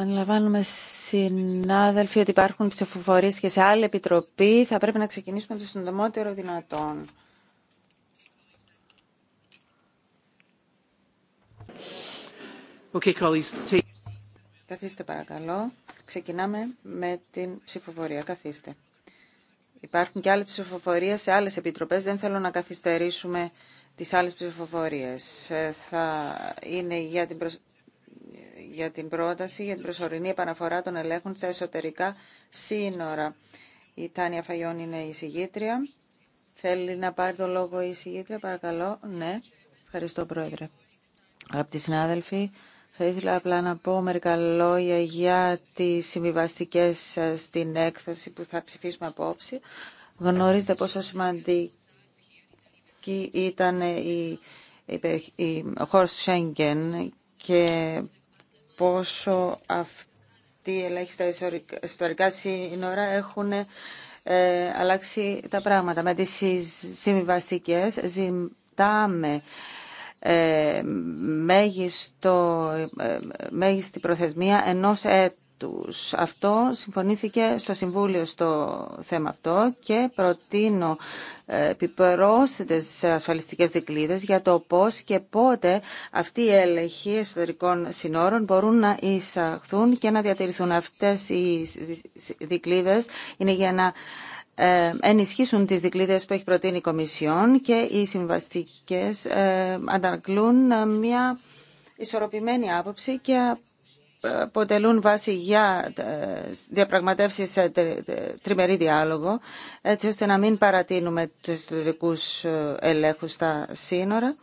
Αναλαμβάνουμε, συνάδελφοι, ότι υπάρχουν ψηφοφορίες και σε άλλη επιτροπή. Θα πρέπει να ξεκινήσουμε το συντομότερο δυνατόν. Okay, colleagues, take... Καθίστε παρακαλώ. Ξεκινάμε με την ψηφοφορία. Καθίστε. Υπάρχουν και άλλες ψηφοφορίες σε άλλες επιτροπές. Δεν θέλω να καθυστερήσουμε τις άλλες ψηφοφορίες. Ε, θα είναι για την προσ για την πρόταση για την προσωρινή επαναφορά των ελέγχων στα εσωτερικά σύνορα. Η Τάνια Φαγιών είναι η συγγήτρια. Θέλει να πάρει το λόγο η συγγήτρια, παρακαλώ. Ναι, ευχαριστώ Πρόεδρε. Αγαπητοί συνάδελφοι, θα ήθελα απλά να πω μερικά λόγια για τις συμβιβαστικέ ε, στην έκθεση που θα ψηφίσουμε απόψε. Γνωρίζετε πόσο σημαντική ήταν η, η, η, και πόσο αυτοί οι ελάχιστα ιστορικά σύνορα έχουν ε, αλλάξει τα πράγματα. Με τις συμβιβαστικέ ζητάμε ε, μέγιστο, ε, μέγιστη προθεσμία ενός έτου. Αυτό συμφωνήθηκε στο Συμβούλιο στο θέμα αυτό και προτείνω ε, επιπρόσθετες ασφαλιστικές δικλείδες για το πώς και πότε αυτοί οι έλεγχοι εσωτερικών συνόρων μπορούν να εισαχθούν και να διατηρηθούν. Αυτές οι δικλείδες είναι για να ε, ενισχύσουν τις δικλείδες που έχει προτείνει η Κομισιόν και οι συμβαστικές ε, ανακλούν μια ισορροπημένη άποψη και αποτελούν βάση για ε, διαπραγματεύσεις σε τριμερή διάλογο, έτσι ώστε να μην παρατείνουμε τους εσωτερικού ε, ελέγχους στα σύνορα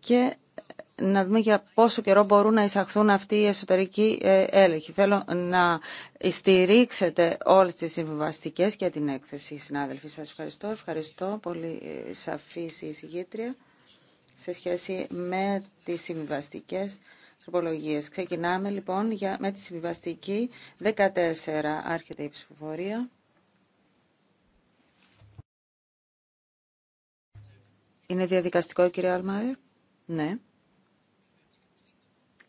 και να δούμε για πόσο καιρό μπορούν να εισαχθούν αυτοί οι εσωτερικοί ε, έλεγχοι. Θέλω να στηρίξετε όλες τις συμβιβαστικέ και την έκθεση, συνάδελφοι. Σας ευχαριστώ. Ευχαριστώ. Πολύ σαφή η συγγήτρια σε σχέση με τις συμβιβαστικέ τροπολογίες. Ξεκινάμε λοιπόν για, με τη συμβιβαστική 14. Άρχεται η ψηφοφορία. Είναι διαδικαστικό, κύριε Αλμάρη. Ναι.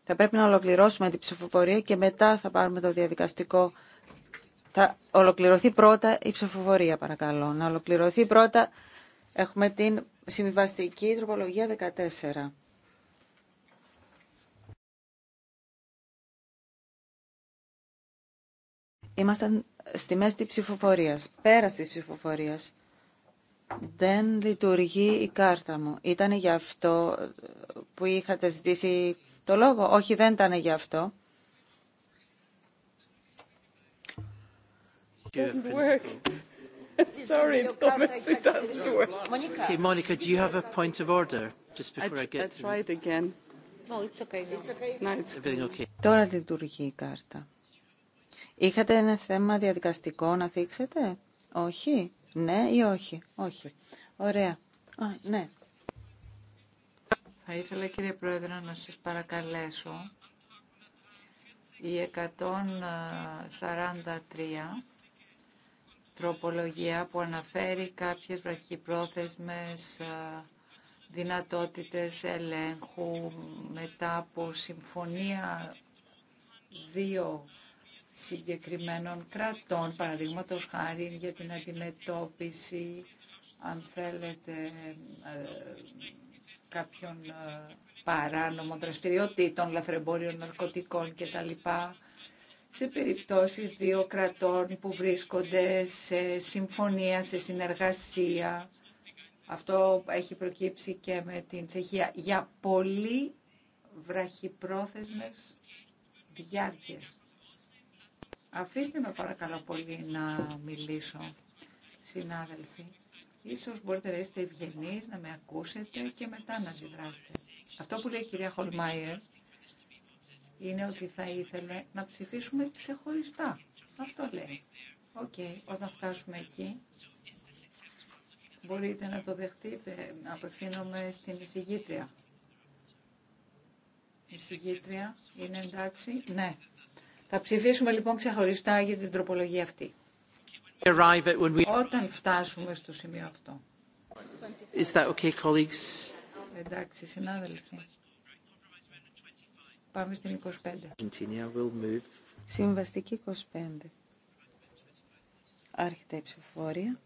Θα πρέπει να ολοκληρώσουμε την ψηφοφορία και μετά θα πάρουμε το διαδικαστικό. Θα ολοκληρωθεί πρώτα η ψηφοφορία, παρακαλώ. Να ολοκληρωθεί πρώτα. Έχουμε την συμβιβαστική τροπολογία 14. Ήμασταν στη μέση της ψηφοφορίας, πέρα της ψηφοφορίας. Δεν λειτουργεί η κάρτα μου. Ήταν για αυτό που είχατε ζητήσει το λόγο. Όχι, δεν ήταν για αυτό. Sorry, it doesn't work. Monica. Okay, Monica, do you have a point of order just before I, I get? I try it again. No, it's okay. It's okay. No, it's okay. Τώρα λειτουργεί η κάρτα. Είχατε ένα θέμα διαδικαστικό να θίξετε. Όχι. Ναι ή όχι. Όχι. Ωραία. Α, ναι. Θα ήθελα κύριε Πρόεδρε να σας παρακαλέσω η 143 τροπολογία που αναφέρει κάποιες βραχυπρόθεσμες δυνατότητες ελέγχου μετά από συμφωνία δύο συγκεκριμένων κρατών, παραδείγματο χάρη για την αντιμετώπιση, αν θέλετε, ε, κάποιων ε, παράνομων δραστηριοτήτων, λαθρεμπόριων ναρκωτικών κτλ. Σε περιπτώσεις δύο κρατών που βρίσκονται σε συμφωνία, σε συνεργασία. Αυτό έχει προκύψει και με την Τσεχία. Για πολύ βραχυπρόθεσμες διάρκειες. Αφήστε με παρακαλώ πολύ να μιλήσω, συνάδελφοι. Ίσως μπορείτε να είστε ευγενεί, να με ακούσετε και μετά να αντιδράσετε. Αυτό που λέει η κυρία Χολμάιερ είναι ότι θα ήθελε να ψηφίσουμε ξεχωριστά. Αυτό λέει. Οκ, okay, όταν φτάσουμε εκεί, μπορείτε να το δεχτείτε. Απευθύνομαι στην εισηγήτρια. Η εισηγήτρια είναι εντάξει. Ναι, θα ψηφίσουμε λοιπόν ξεχωριστά για την τροπολογία αυτή. Όταν φτάσουμε στο σημείο αυτό. Is that okay, colleagues? Εντάξει, συνάδελφοι. Πάμε στην 25. Συμβαστική 25. Άρχεται η ψηφοφορία.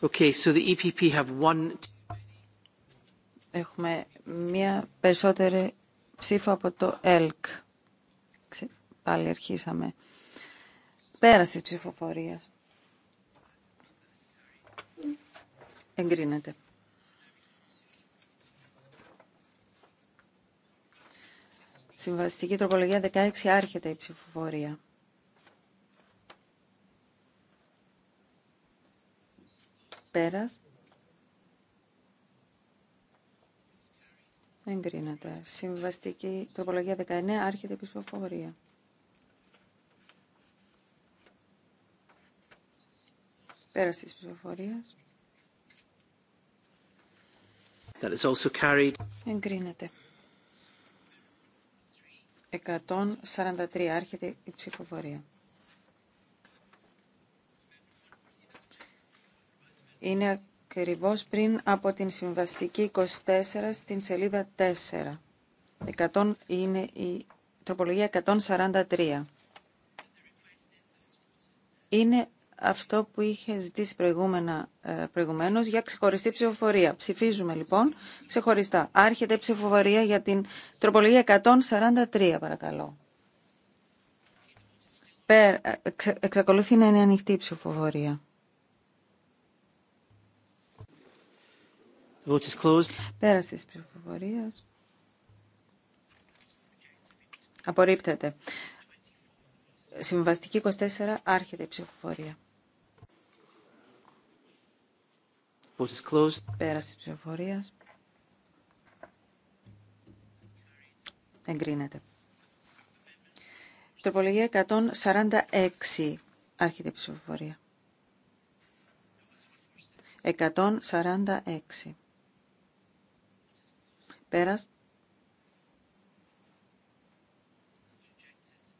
Okay, so the EPP have one... Έχουμε μία περισσότερη ψήφο από το ΕΛΚ. Πάλι αρχίσαμε. Πέρα της ψηφοφορίας. Εγκρίνεται. Συμβαστική τροπολογία 16 άρχεται η ψηφοφορία. Πέρας. Εγκρίνεται. Συμβαστική τροπολογία 19. Άρχεται η ψηφοφορία. Πέραση της ψηφοφορίας. That is also carried. Εγκρίνεται. 143. Άρχεται η ψηφοφορία. Είναι ακριβώ πριν από την συμβαστική 24 στην σελίδα 4. 100 είναι η τροπολογία 143. Είναι αυτό που είχε ζητήσει προηγούμενα, ε, για ξεχωριστή ψηφοφορία. Ψηφίζουμε λοιπόν ξεχωριστά. Άρχεται η ψηφοφορία για την τροπολογία 143 παρακαλώ. Ε, εξακολουθεί να είναι ανοιχτή η ψηφοφορία. Πέρα vote is closed. Απορρίπτεται. Συμβαστική 24. Άρχεται η ψηφοφορία. Vote is closed. Εγκρίνεται. Τροπολογία 146. Άρχεται η ψηφοφορία. 146. Πέρας.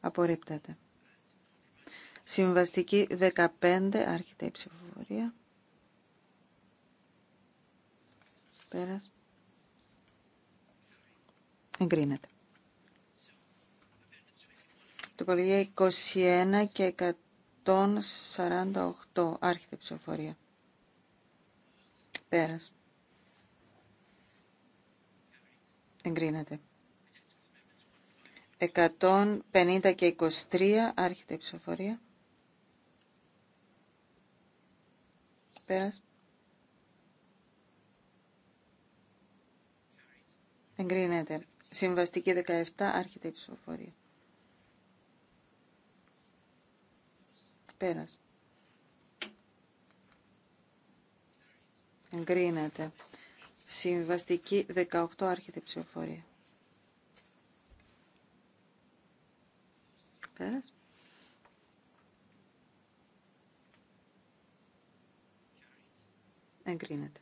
Απορρίπτεται. Συμβαστική 15. Άρχεται η ψηφοφορία. Πέρας. Εγκρίνεται. Τοπολογία 21 και 148. Άρχεται η ψηφοφορία. Πέρας. Εγκρίνεται. 150 και 23 άρχεται η ψηφοφορία. Πέρας. Εγκρίνεται. Συμβαστική 17 άρχεται η ψηφοφορία. Πέρας. Εγκρίνεται. Συμβαστική 18 άρχεται η ψηφοφορία. Πέρας. Εγκρίνεται.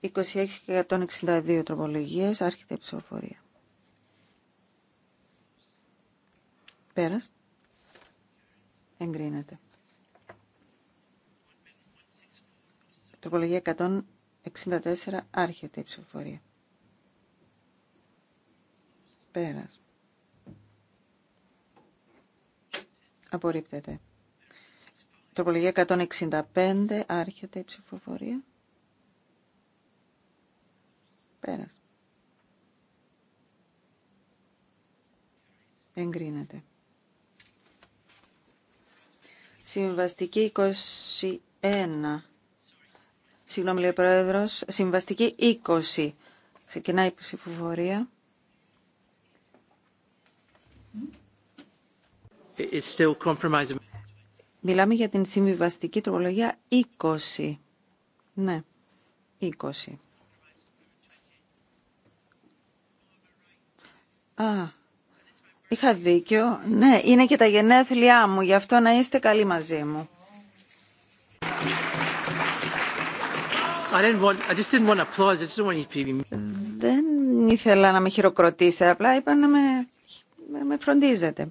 26 162 τροπολογίες, άρχεται η ψηφοφορία. Πέρας. Εγκρίνεται. Τροπολογία 164 άρχεται η ψηφοφορία. Πέρας. Απορρίπτεται. Τροπολογία 165 άρχεται η ψηφοφορία. Πέρας. Εγκρίνεται. Συμβαστική 21 Συγγνώμη, λέει ο Πρόεδρος. Συμβαστική 20. Ξεκινάει η ψηφοφορία. Μιλάμε για την συμβιβαστική τροπολογία 20. Ναι, 20. Α, είχα δίκιο. Ναι, είναι και τα γενέθλιά μου, γι' αυτό να είστε καλοί μαζί μου. Δεν ήθελα να με χειροκροτήσει, απλά είπα να με, να με φροντίζετε.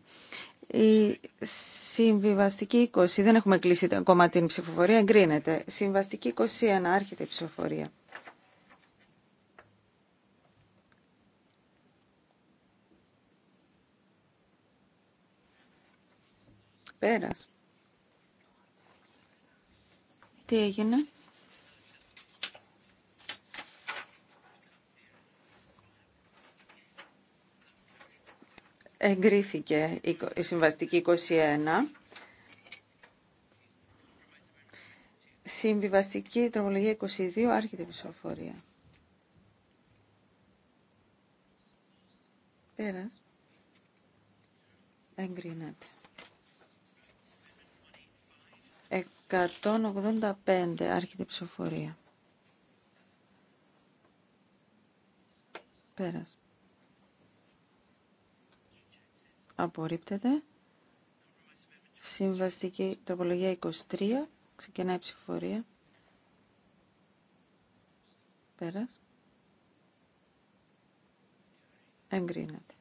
Η συμβιβαστική 20, δεν έχουμε κλείσει ακόμα την ψηφοφορία, εγκρίνεται. Συμβαστική 21, άρχεται η ψηφοφορία. Πέρας. Τι έγινε. Εγκρίθηκε η συμβαστική 21. Συμβιβαστική τρομολογία 22, άρχεται η ψηφοφορία. Πέρας. Εγκρίνεται. 185, άρχεται η ψηφοφορία. Πέρας. απορρίπτεται. Συμβαστική τροπολογία 23, ξεκινάει η ψηφοφορία. Πέρας. Εγκρίνεται.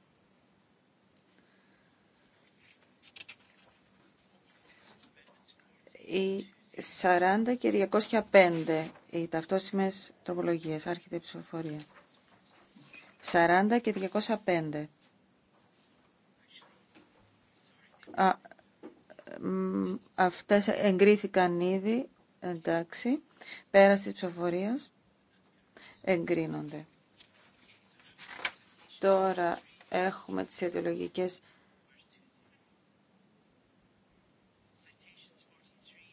Η 40 και 205 οι ταυτόσημες τροπολογίες, άρχεται η ψηφοφορία. 40 και 205. Αυτές εγκρίθηκαν ήδη, εντάξει, πέρας της ψηφοφορίας εγκρίνονται. Τώρα έχουμε τις αιτιολογικές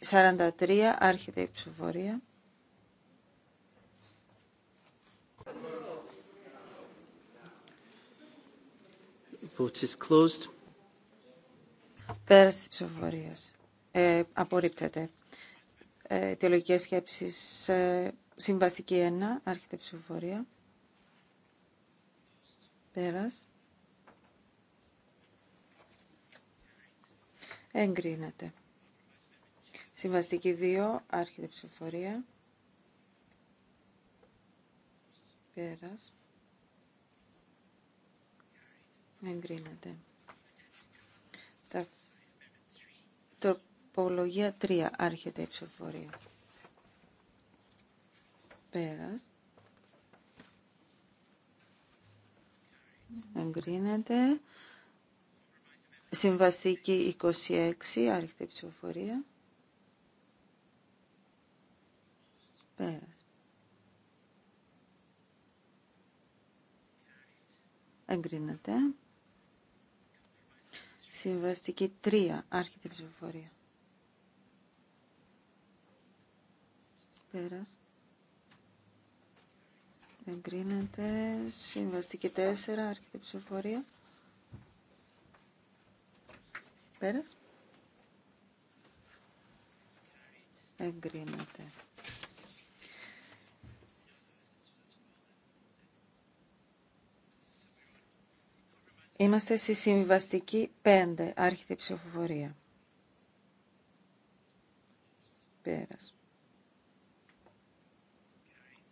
43, άρχεται η ψηφοφορία. is Πέρας της ψηφοφορίας. Ε, απορρίπτεται. Ε, Τελογικές σκέψεις. Ε, συμβαστική 1. Άρχεται ψηφοφορία. Πέρας. Εγκρίνεται. Συμβαστική 2. Άρχεται ψηφοφορία. Πέρας. Εγκρίνεται. Τροπολογία 3. Άρχεται η ψηφοφορία. Πέρας. Εγκρίνεται. Συμβαστική 26. Άρχεται η ψηφοφορία. Πέρας. Εγκρίνεται. Συμβαστική 3. Άρχεται η ψηφοφορία. Πέρας. Εγκρίνεται. Συμβαστική 4. Άρχεται η ψηφοφορία. Πέρας. Εγκρίνεται. Είμαστε στη συμβαστική 5, άρχεται η ψηφοφορία. Πέρας.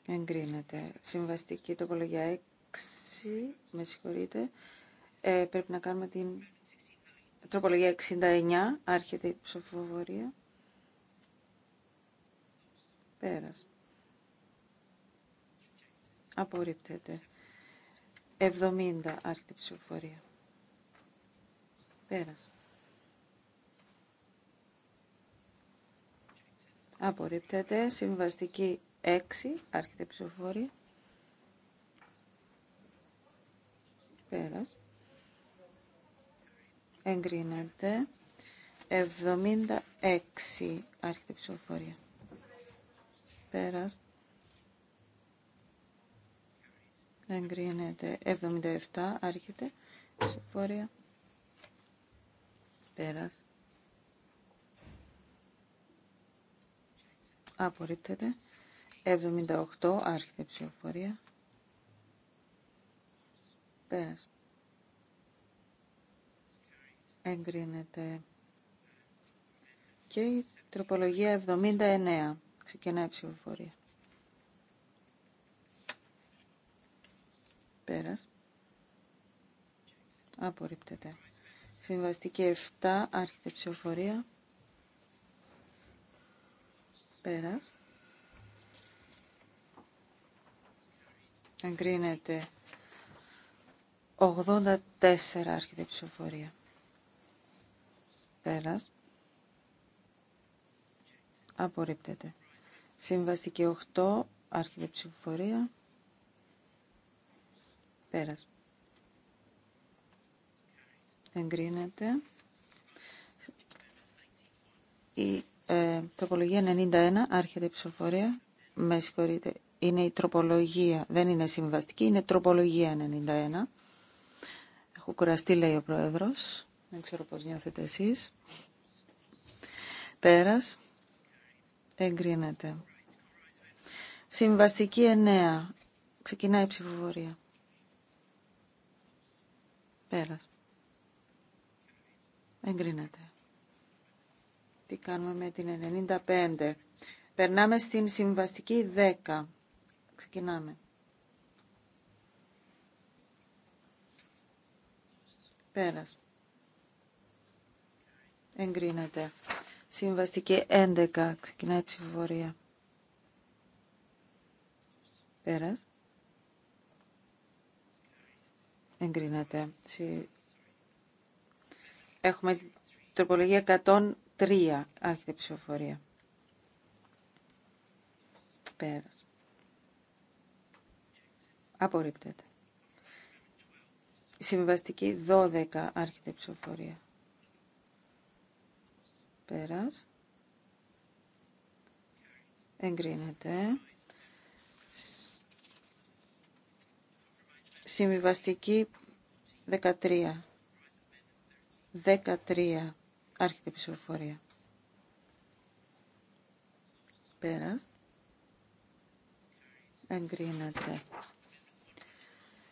Εγκρίνεται. Συμβαστική τοπολογία 6, με συγχωρείτε. Ε, πρέπει να κάνουμε την τοπολογία 69, άρχεται η ψηφοφορία. Πέρας. Απορρίπτεται. 70 άρχεται ψηφοφορία. Πέρασε. Απορρίπτεται. Συμβαστική 6 άρχεται ψηφοφορία. Πέρασε. Εγκρίνεται. 76 άρχεται ψηφοφορία. Πέρασε. εγκρίνεται 77 άρχεται ψηφοφορία πέρας απορρίπτεται 78 άρχεται ψηφοφορία πέρας εγκρίνεται και η τροπολογία 79 ξεκινάει η ψηφοφορία Πέρας. Απορρίπτεται. Συμβαστική 7. άρχιτε ψηφοφορία. Πέρας. Εγκρίνεται 84 άρχιτε ψηφοφορία. Πέρας. Απορρίπτεται. Συμβαστική 8 άρχιτε ψηφοφορία. Πέρας. Εγκρίνεται. Η ε, τροπολογία 91, άρχεται η ψηφοφορία. Με συγχωρείτε. Είναι η τροπολογία, δεν είναι συμβαστική, είναι τροπολογία 91. Έχω κουραστεί, λέει ο Πρόεδρος. Δεν ξέρω πώς νιώθετε εσείς. Πέρας. Εγκρίνεται. Συμβαστική 9. Ξεκινάει η ψηφοφορία. Πέρας. Εγκρίνεται. Τι κάνουμε με την 95. Περνάμε στην συμβαστική 10. Ξεκινάμε. Πέρας. Εγκρίνεται. Συμβαστική 11. Ξεκινάει η ψηφοφορία. Πέρας. Εγκρίνεται. Έχουμε τροπολογία 103. Άρχεται ψηφοφορία. Πέρας. Απορρίπτεται. Συμβαστική 12. Άρχεται ψηφοφορία. Πέρας. Εγκρίνεται. Συμβιβαστική 13. 13. Άρχεται η ψηφοφορία. Πέρα. Εγκρίνεται.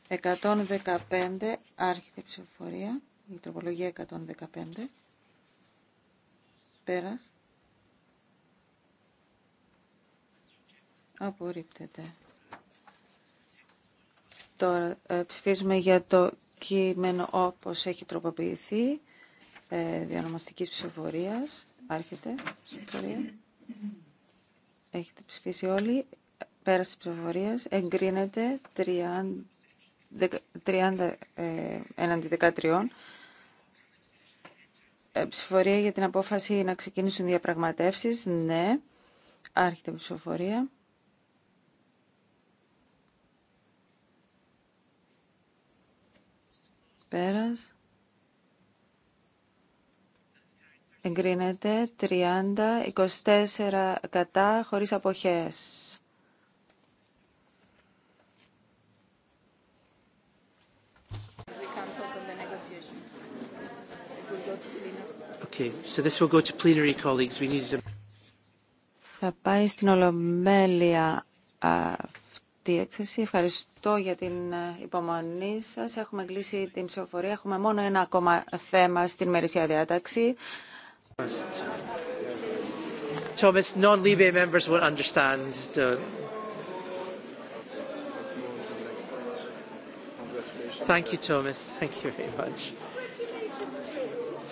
115. Άρχεται η ψηφοφορία. Η τροπολογία 115. Πέρας. Απορρίπτεται. Τώρα ε, ψηφίζουμε για το κείμενο όπως έχει τροποποιηθεί ε, διανομαστικής ψηφοφορίας. Άρχεται ψηφοφορία. Έχετε ψηφίσει όλοι. Πέραση ψηφοφορίας. Εγκρίνεται 30, ε, έναντι 13. Ε, για την απόφαση να ξεκινήσουν διαπραγματεύσεις. Ναι. Άρχεται ψηφοφορία. Πέρας. Εγκρίνεται 30, 24 κατά, χωρίς αποχές. Θα πάει στην Ολομέλεια αυτή έκθεση. Ευχαριστώ για την υπομονή σας. Έχουμε κλείσει την ψηφοφορία. Έχουμε μόνο ένα ακόμα θέμα στην μερισιά διάταξη. Thomas, non libe members will understand. Thank you, Thomas. Thank you very much.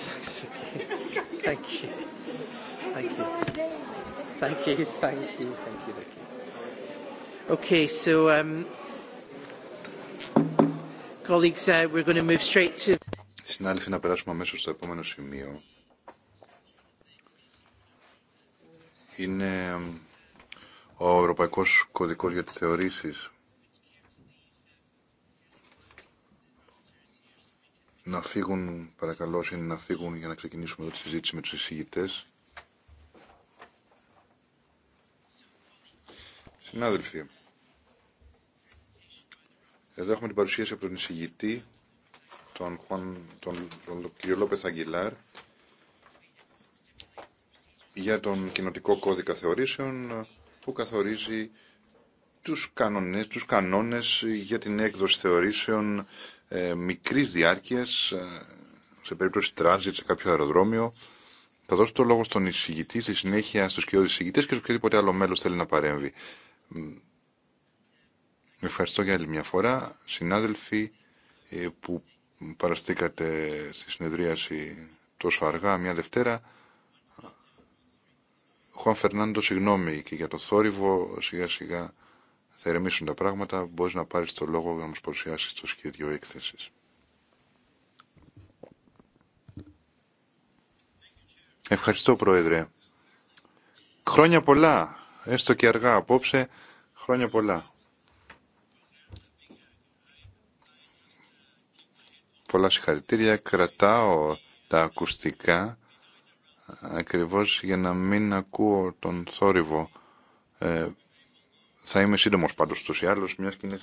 Thank you. Thank you. Thank you. Thank you. Thank you. Thank you. Okay, so um, colleagues, uh, we're going to move straight to. Συνάδελφοι, να περάσουμε αμέσω στο επόμενο σημείο. Είναι ο Ευρωπαϊκός Κωδικός για τις Θεωρήσεις. Να φύγουν, παρακαλώ, είναι να φύγουν για να ξεκινήσουμε εδώ τη συζήτηση με τους εισηγητές. Συνάδελφοι, εδώ έχουμε την παρουσίαση από τον εισηγητή, τον, Χουαν, τον, τον κ. Λόπεθ Αγγιλάρ, για τον κοινοτικό κώδικα θεωρήσεων που καθορίζει τους κανόνες, τους κανόνες για την έκδοση θεωρήσεων ε, μικρής διάρκειας ε, σε περίπτωση τράζιτ σε κάποιο αεροδρόμιο. Θα δώσω το λόγο στον εισηγητή, στη συνέχεια στους κοινότητες εισηγητές και σε οποιοδήποτε άλλο μέλος θέλει να παρέμβει. Ευχαριστώ για άλλη μια φορά, συνάδελφοι, ε, που παραστήκατε στη συνεδρίαση τόσο αργά, μια Δευτέρα. Χωάν Φερνάντο, συγγνώμη και για το θόρυβο, σιγά σιγά θα ερεμήσουν τα πράγματα. Μπορείς να πάρεις το λόγο για να μας παρουσιάσεις το σχέδιο έκθεσης. Ευχαριστώ, Πρόεδρε. Χρόνια πολλά, έστω και αργά απόψε, χρόνια πολλά. πολλά συγχαρητήρια. Κρατάω τα ακουστικά ακριβώς για να μην ακούω τον θόρυβο. Ε, θα είμαι σύντομος πάντως τους ή άλλως, μιας και είναι,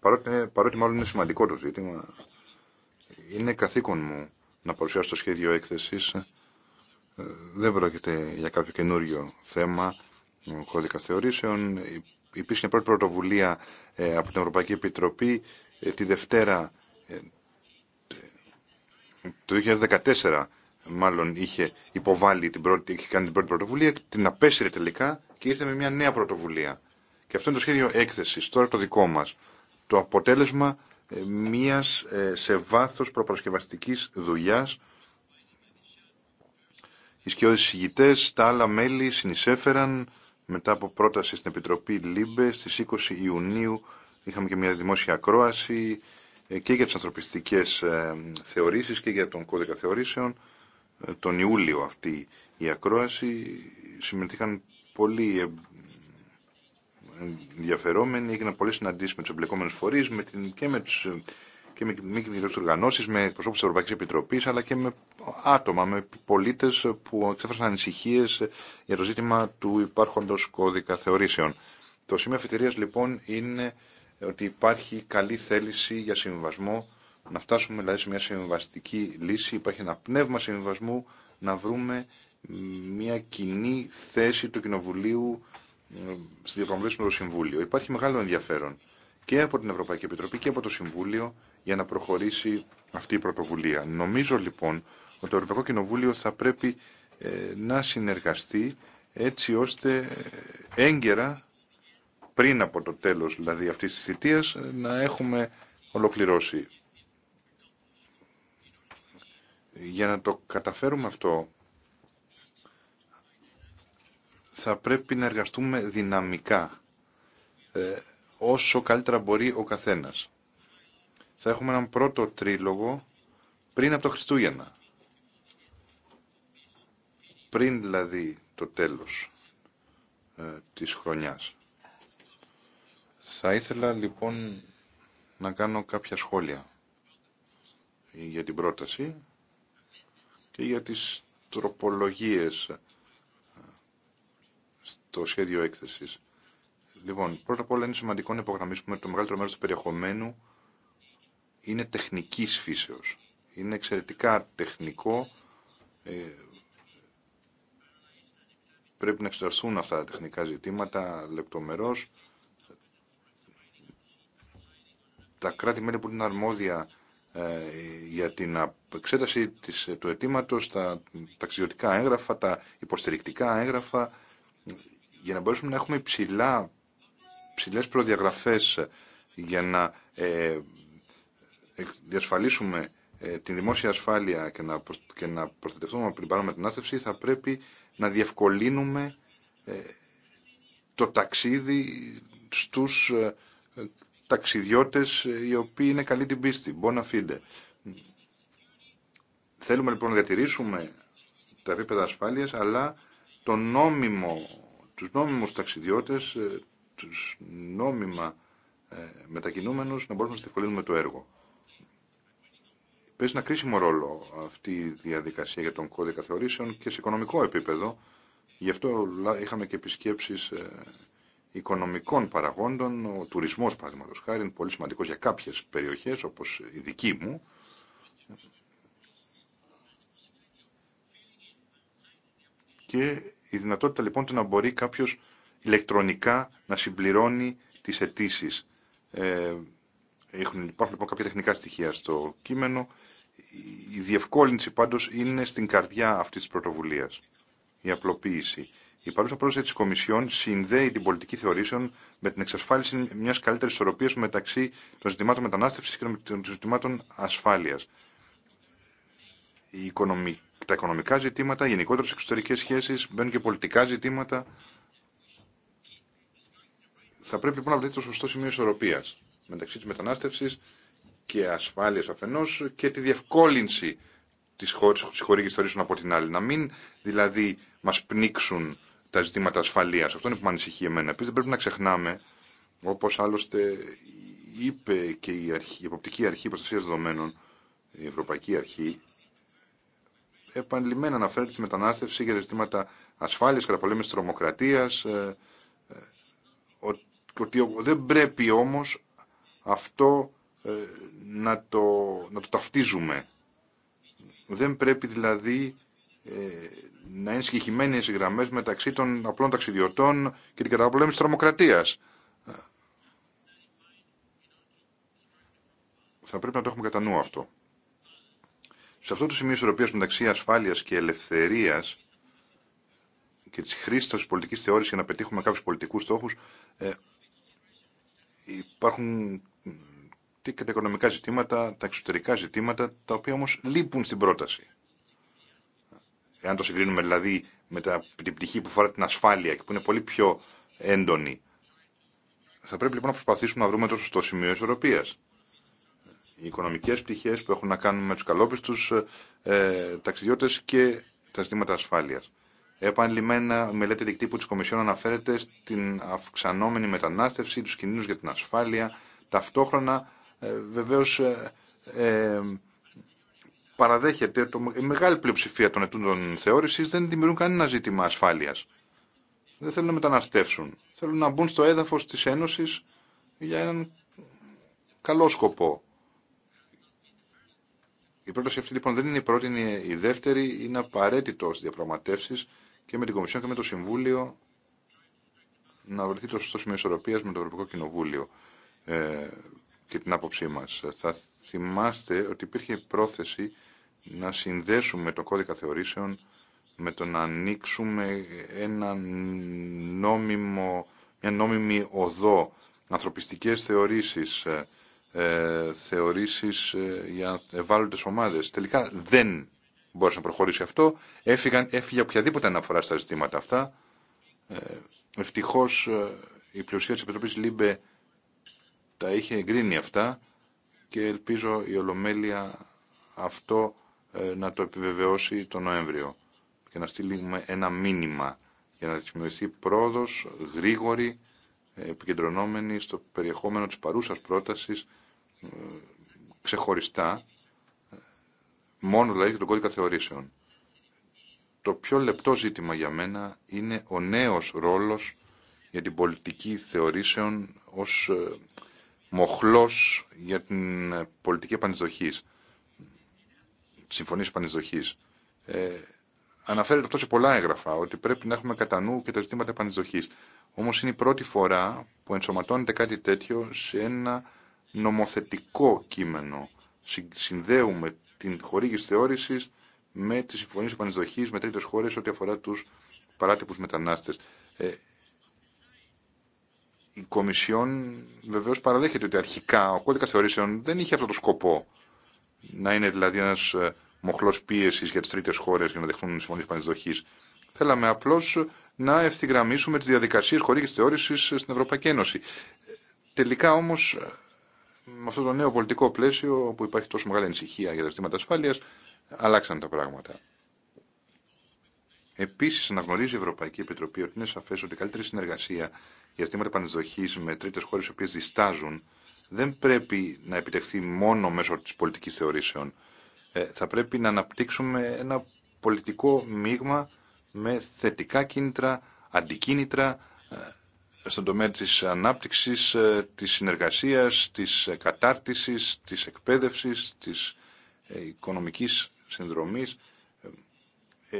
παρότι, παρότι μάλλον είναι σημαντικό το ζήτημα, είναι καθήκον μου να παρουσιάσω το σχέδιο έκθεσης. Ε, δεν πρόκειται για κάποιο καινούριο θέμα κώδικα θεωρήσεων. Υπήρχε μια πρώτη πρωτοβουλία ε, από την Ευρωπαϊκή Επιτροπή ε, τη Δευτέρα το 2014 μάλλον είχε υποβάλει την πρώτη, είχε κάνει την πρώτη πρωτοβουλία, την απέσυρε τελικά και ήρθε με μια νέα πρωτοβουλία. Και αυτό είναι το σχέδιο έκθεση, τώρα το δικό μα. Το αποτέλεσμα ε, μια ε, σε βάθο προπαρασκευαστική δουλειά. Οι σκιώδεις συγητέ, τα άλλα μέλη συνεισέφεραν μετά από πρόταση στην Επιτροπή ΛΥΜΠΕ στις 20 Ιουνίου είχαμε και μια δημόσια ακρόαση ε, και για τις ανθρωπιστικές ε, θεωρήσεις και για τον κώδικα θεωρήσεων. Ε, τον Ιούλιο αυτή η ακρόαση συμμετείχαν πολύ ενδιαφερόμενοι, έγιναν πολλές συναντήσεις με τους εμπλεκόμενους φορείς με την, και με τους και με μη οργανώσει, με προσώπου τη Ευρωπαϊκή Επιτροπή, αλλά και με άτομα, με πολίτε που εξέφρασαν ανησυχίε για το ζήτημα του υπάρχοντο κώδικα θεωρήσεων. Το σημείο αφιτηρία λοιπόν είναι ότι υπάρχει καλή θέληση για συμβιβασμό, να φτάσουμε δηλαδή σε μια συμβαστική λύση, υπάρχει ένα πνεύμα συμβιβασμού, να βρούμε μια κοινή θέση του Κοινοβουλίου ε, στη διαπραγματεύση με το Συμβούλιο. Υπάρχει μεγάλο ενδιαφέρον και από την Ευρωπαϊκή Επιτροπή και από το Συμβούλιο για να προχωρήσει αυτή η πρωτοβουλία. Νομίζω λοιπόν ότι το Ευρωπαϊκό Κοινοβούλιο θα πρέπει ε, να συνεργαστεί έτσι ώστε ε, έγκαιρα πριν από το τέλος δηλαδή αυτής της θητείας ε, να έχουμε ολοκληρώσει. Για να το καταφέρουμε αυτό θα πρέπει να εργαστούμε δυναμικά ε, όσο καλύτερα μπορεί ο καθένας. Θα έχουμε έναν πρώτο τρίλογο πριν από το Χριστούγεννα. Πριν δηλαδή το τέλος ε, της χρονιάς. Θα ήθελα λοιπόν να κάνω κάποια σχόλια για την πρόταση και για τις τροπολογίες ε, στο σχέδιο έκθεσης. Λοιπόν, πρώτα απ' όλα είναι σημαντικό να υπογραμμίσουμε ότι το μεγαλύτερο μέρος του περιεχομένου είναι τεχνικής φύσεως. Είναι εξαιρετικά τεχνικό. Ε, πρέπει να εξεταστούν αυτά τα τεχνικά ζητήματα λεπτομερώς τα κράτη-μέλη που είναι αρμόδια ε, για την εξέταση της, του αιτήματο, τα ταξιδιωτικά έγγραφα, τα υποστηρικτικά έγγραφα, για να μπορέσουμε να έχουμε υψηλά, ψηλές προδιαγραφές για να ε, ε, διασφαλίσουμε την δημόσια ασφάλεια και να, και να προστατευτούμε από την παραμετανάστευση, θα πρέπει να διευκολύνουμε το ταξίδι στους ταξιδιώτες ε, οι οποίοι είναι καλή την πίστη, bona fide. Θέλουμε λοιπόν να διατηρήσουμε τα επίπεδα ασφάλειας, αλλά το νόμιμο, τους νόμιμους ταξιδιώτες, ε, τους νόμιμα ε, μετακινούμενους, να μπορούμε να στευκολύνουμε το έργο. Παίζει ένα κρίσιμο ρόλο αυτή η διαδικασία για τον κώδικα θεωρήσεων και σε οικονομικό επίπεδο. Γι' αυτό είχαμε και επισκέψεις οικονομικών παραγόντων. Ο τουρισμός, παραδείγματος χάρη, είναι πολύ σημαντικός για κάποιες περιοχές, όπως η δική μου. Και η δυνατότητα λοιπόν του να μπορεί κάποιος ηλεκτρονικά να συμπληρώνει τις αιτήσει. Ε, υπάρχουν λοιπόν κάποια τεχνικά στοιχεία στο κείμενο. Η διευκόλυνση πάντως είναι στην καρδιά αυτής της πρωτοβουλίας. Η απλοποίηση. Η παρούσα πρόσθεση τη Κομισιόν συνδέει την πολιτική θεωρήσεων με την εξασφάλιση μια καλύτερη ισορροπία μεταξύ των ζητημάτων μετανάστευση και των ζητημάτων ασφάλεια. Τα οικονομικά ζητήματα, γενικότερα τι εξωτερικέ σχέσει, μπαίνουν και πολιτικά ζητήματα. Θα πρέπει λοιπόν να βρεθεί το σωστό σημείο ισορροπία μεταξύ τη μετανάστευση και ασφάλεια αφενό και τη διευκόλυνση τη χορήγηση θεωρήσεων από την άλλη. Να μην δηλαδή μα πνίξουν τα ζητήματα ασφαλεία, Αυτό είναι που με ανησυχεί εμένα. Επίση, δεν πρέπει να ξεχνάμε, όπως άλλωστε είπε και η, αρχή, η Εποπτική Αρχή προστασία Δεδομένων, η Ευρωπαϊκή Αρχή, επανειλημμένα αναφέρεται στη μετανάστευση για ζητήματα ασφάλειας, καταπολέμησης τρομοκρατίας, ε, ε, ότι δεν πρέπει όμω αυτό ε, να, το, να το ταυτίζουμε. Δεν πρέπει δηλαδή ε, να είναι συγκεκριμένε οι γραμμέ μεταξύ των απλών ταξιδιωτών και την καταπολέμηση τη τρομοκρατία. Θα πρέπει να το έχουμε κατά νου αυτό. Σε αυτό το σημείο ισορροπία μεταξύ ασφάλεια και ελευθερία και τη χρήση τη πολιτική θεώρηση για να πετύχουμε κάποιου πολιτικού στόχου, ε, υπάρχουν και τα οικονομικά ζητήματα, τα εξωτερικά ζητήματα, τα οποία όμω λείπουν στην πρόταση εάν το συγκρίνουμε δηλαδή με την πτυχή που φορά την ασφάλεια και που είναι πολύ πιο έντονη, θα πρέπει λοιπόν να προσπαθήσουμε να βρούμε τόσο στο σημείο ισορροπία. Οι οικονομικέ πτυχέ που έχουν να κάνουν με του καλόπιστου ε, ε ταξιδιώτε και τα ζητήματα ασφάλεια. Επανειλημμένα, μελέτη δικτύπου τη Κομισιόν αναφέρεται στην αυξανόμενη μετανάστευση, του κινδύνου για την ασφάλεια. Ταυτόχρονα, ε, βεβαίω, ε, ε, παραδέχεται το, η μεγάλη πλειοψηφία των ετούντων θεώρησης δεν δημιουργούν κανένα ζήτημα ασφάλειας. Δεν θέλουν να μεταναστεύσουν. Θέλουν να μπουν στο έδαφος της Ένωσης για έναν καλό σκοπό. Η πρόταση αυτή λοιπόν δεν είναι η πρώτη, είναι η δεύτερη, είναι απαραίτητο στις διαπραγματεύσει και με την Κομισιόν και με το Συμβούλιο να βρεθεί το σωστό σημείο ισορροπία με το Ευρωπαϊκό Κοινοβούλιο ε, και την άποψή μα. Θα θυμάστε ότι υπήρχε πρόθεση να συνδέσουμε το κώδικα θεωρήσεων με το να ανοίξουμε ένα νόμιμο, μια νόμιμη οδό, ανθρωπιστικές θεωρήσεις, ε, ε θεωρήσεις ε, για ευάλωτες ομάδες. Τελικά δεν μπόρεσε να προχωρήσει αυτό. Έφυγαν, έφυγε οποιαδήποτε αναφορά στα ζητήματα αυτά. Ε, ευτυχώς ε, η πλειοψηφία της Επιτροπής Λίμπε τα είχε εγκρίνει αυτά και ελπίζω η Ολομέλεια αυτό ε, να το επιβεβαιώσει τον Νοέμβριο και να στείλουμε ένα μήνυμα για να δημιουργηθεί πρόοδος γρήγορη, ε, επικεντρωνόμενη στο περιεχόμενο της παρούσας πρότασης ε, ξεχωριστά, μόνο δηλαδή τον κώδικα θεωρήσεων. Το πιο λεπτό ζήτημα για μένα είναι ο νέος ρόλος για την πολιτική θεωρήσεων ως μοχλός για την πολιτική επανεισδοχής συμφωνίες επανεισδοχή. ε, αναφέρεται αυτό σε πολλά έγγραφα, ότι πρέπει να έχουμε κατά νου και τα ζητήματα επανεισδοχή. Όμω είναι η πρώτη φορά που ενσωματώνεται κάτι τέτοιο σε ένα νομοθετικό κείμενο. Συνδέουμε την χορήγηση θεώρηση με τι συμφωνίες επανεισδοχή με τρίτε χώρε ό,τι αφορά του παράτυπου μετανάστε. Ε, η Κομισιόν βεβαίω παραδέχεται ότι αρχικά ο κώδικα θεωρήσεων δεν είχε αυτό το σκοπό να είναι δηλαδή ένα ε, μοχλο πίεση για τι τρίτε χώρε για να δεχθούν συμφωνίε πανεσδοχής. Θέλαμε απλώ να ευθυγραμμίσουμε τις διαδικασίες χορήγησης θεώρηση στην Ευρωπαϊκή Ένωση. Τελικά όμω, ε, με αυτό το νέο πολιτικό πλαίσιο όπου υπάρχει τόσο μεγάλη ανησυχία για τα ζητήματα ασφάλεια, αλλάξαν τα πράγματα. Επίση, αναγνωρίζει η Ευρωπαϊκή Επιτροπή ότι είναι σαφέ ότι καλύτερη συνεργασία για ζητήματα πανεσδοχή με τρίτε χώρε οι οποίε διστάζουν δεν πρέπει να επιτευχθεί μόνο μέσω της πολιτικής θεωρήσεων. Ε, θα πρέπει να αναπτύξουμε ένα πολιτικό μείγμα με θετικά κίνητρα, αντικίνητρα ε, στον τομέα της ανάπτυξης, ε, της συνεργασίας, της κατάρτισης, της εκπαίδευσης, της οικονομικής συνδρομής. Ε,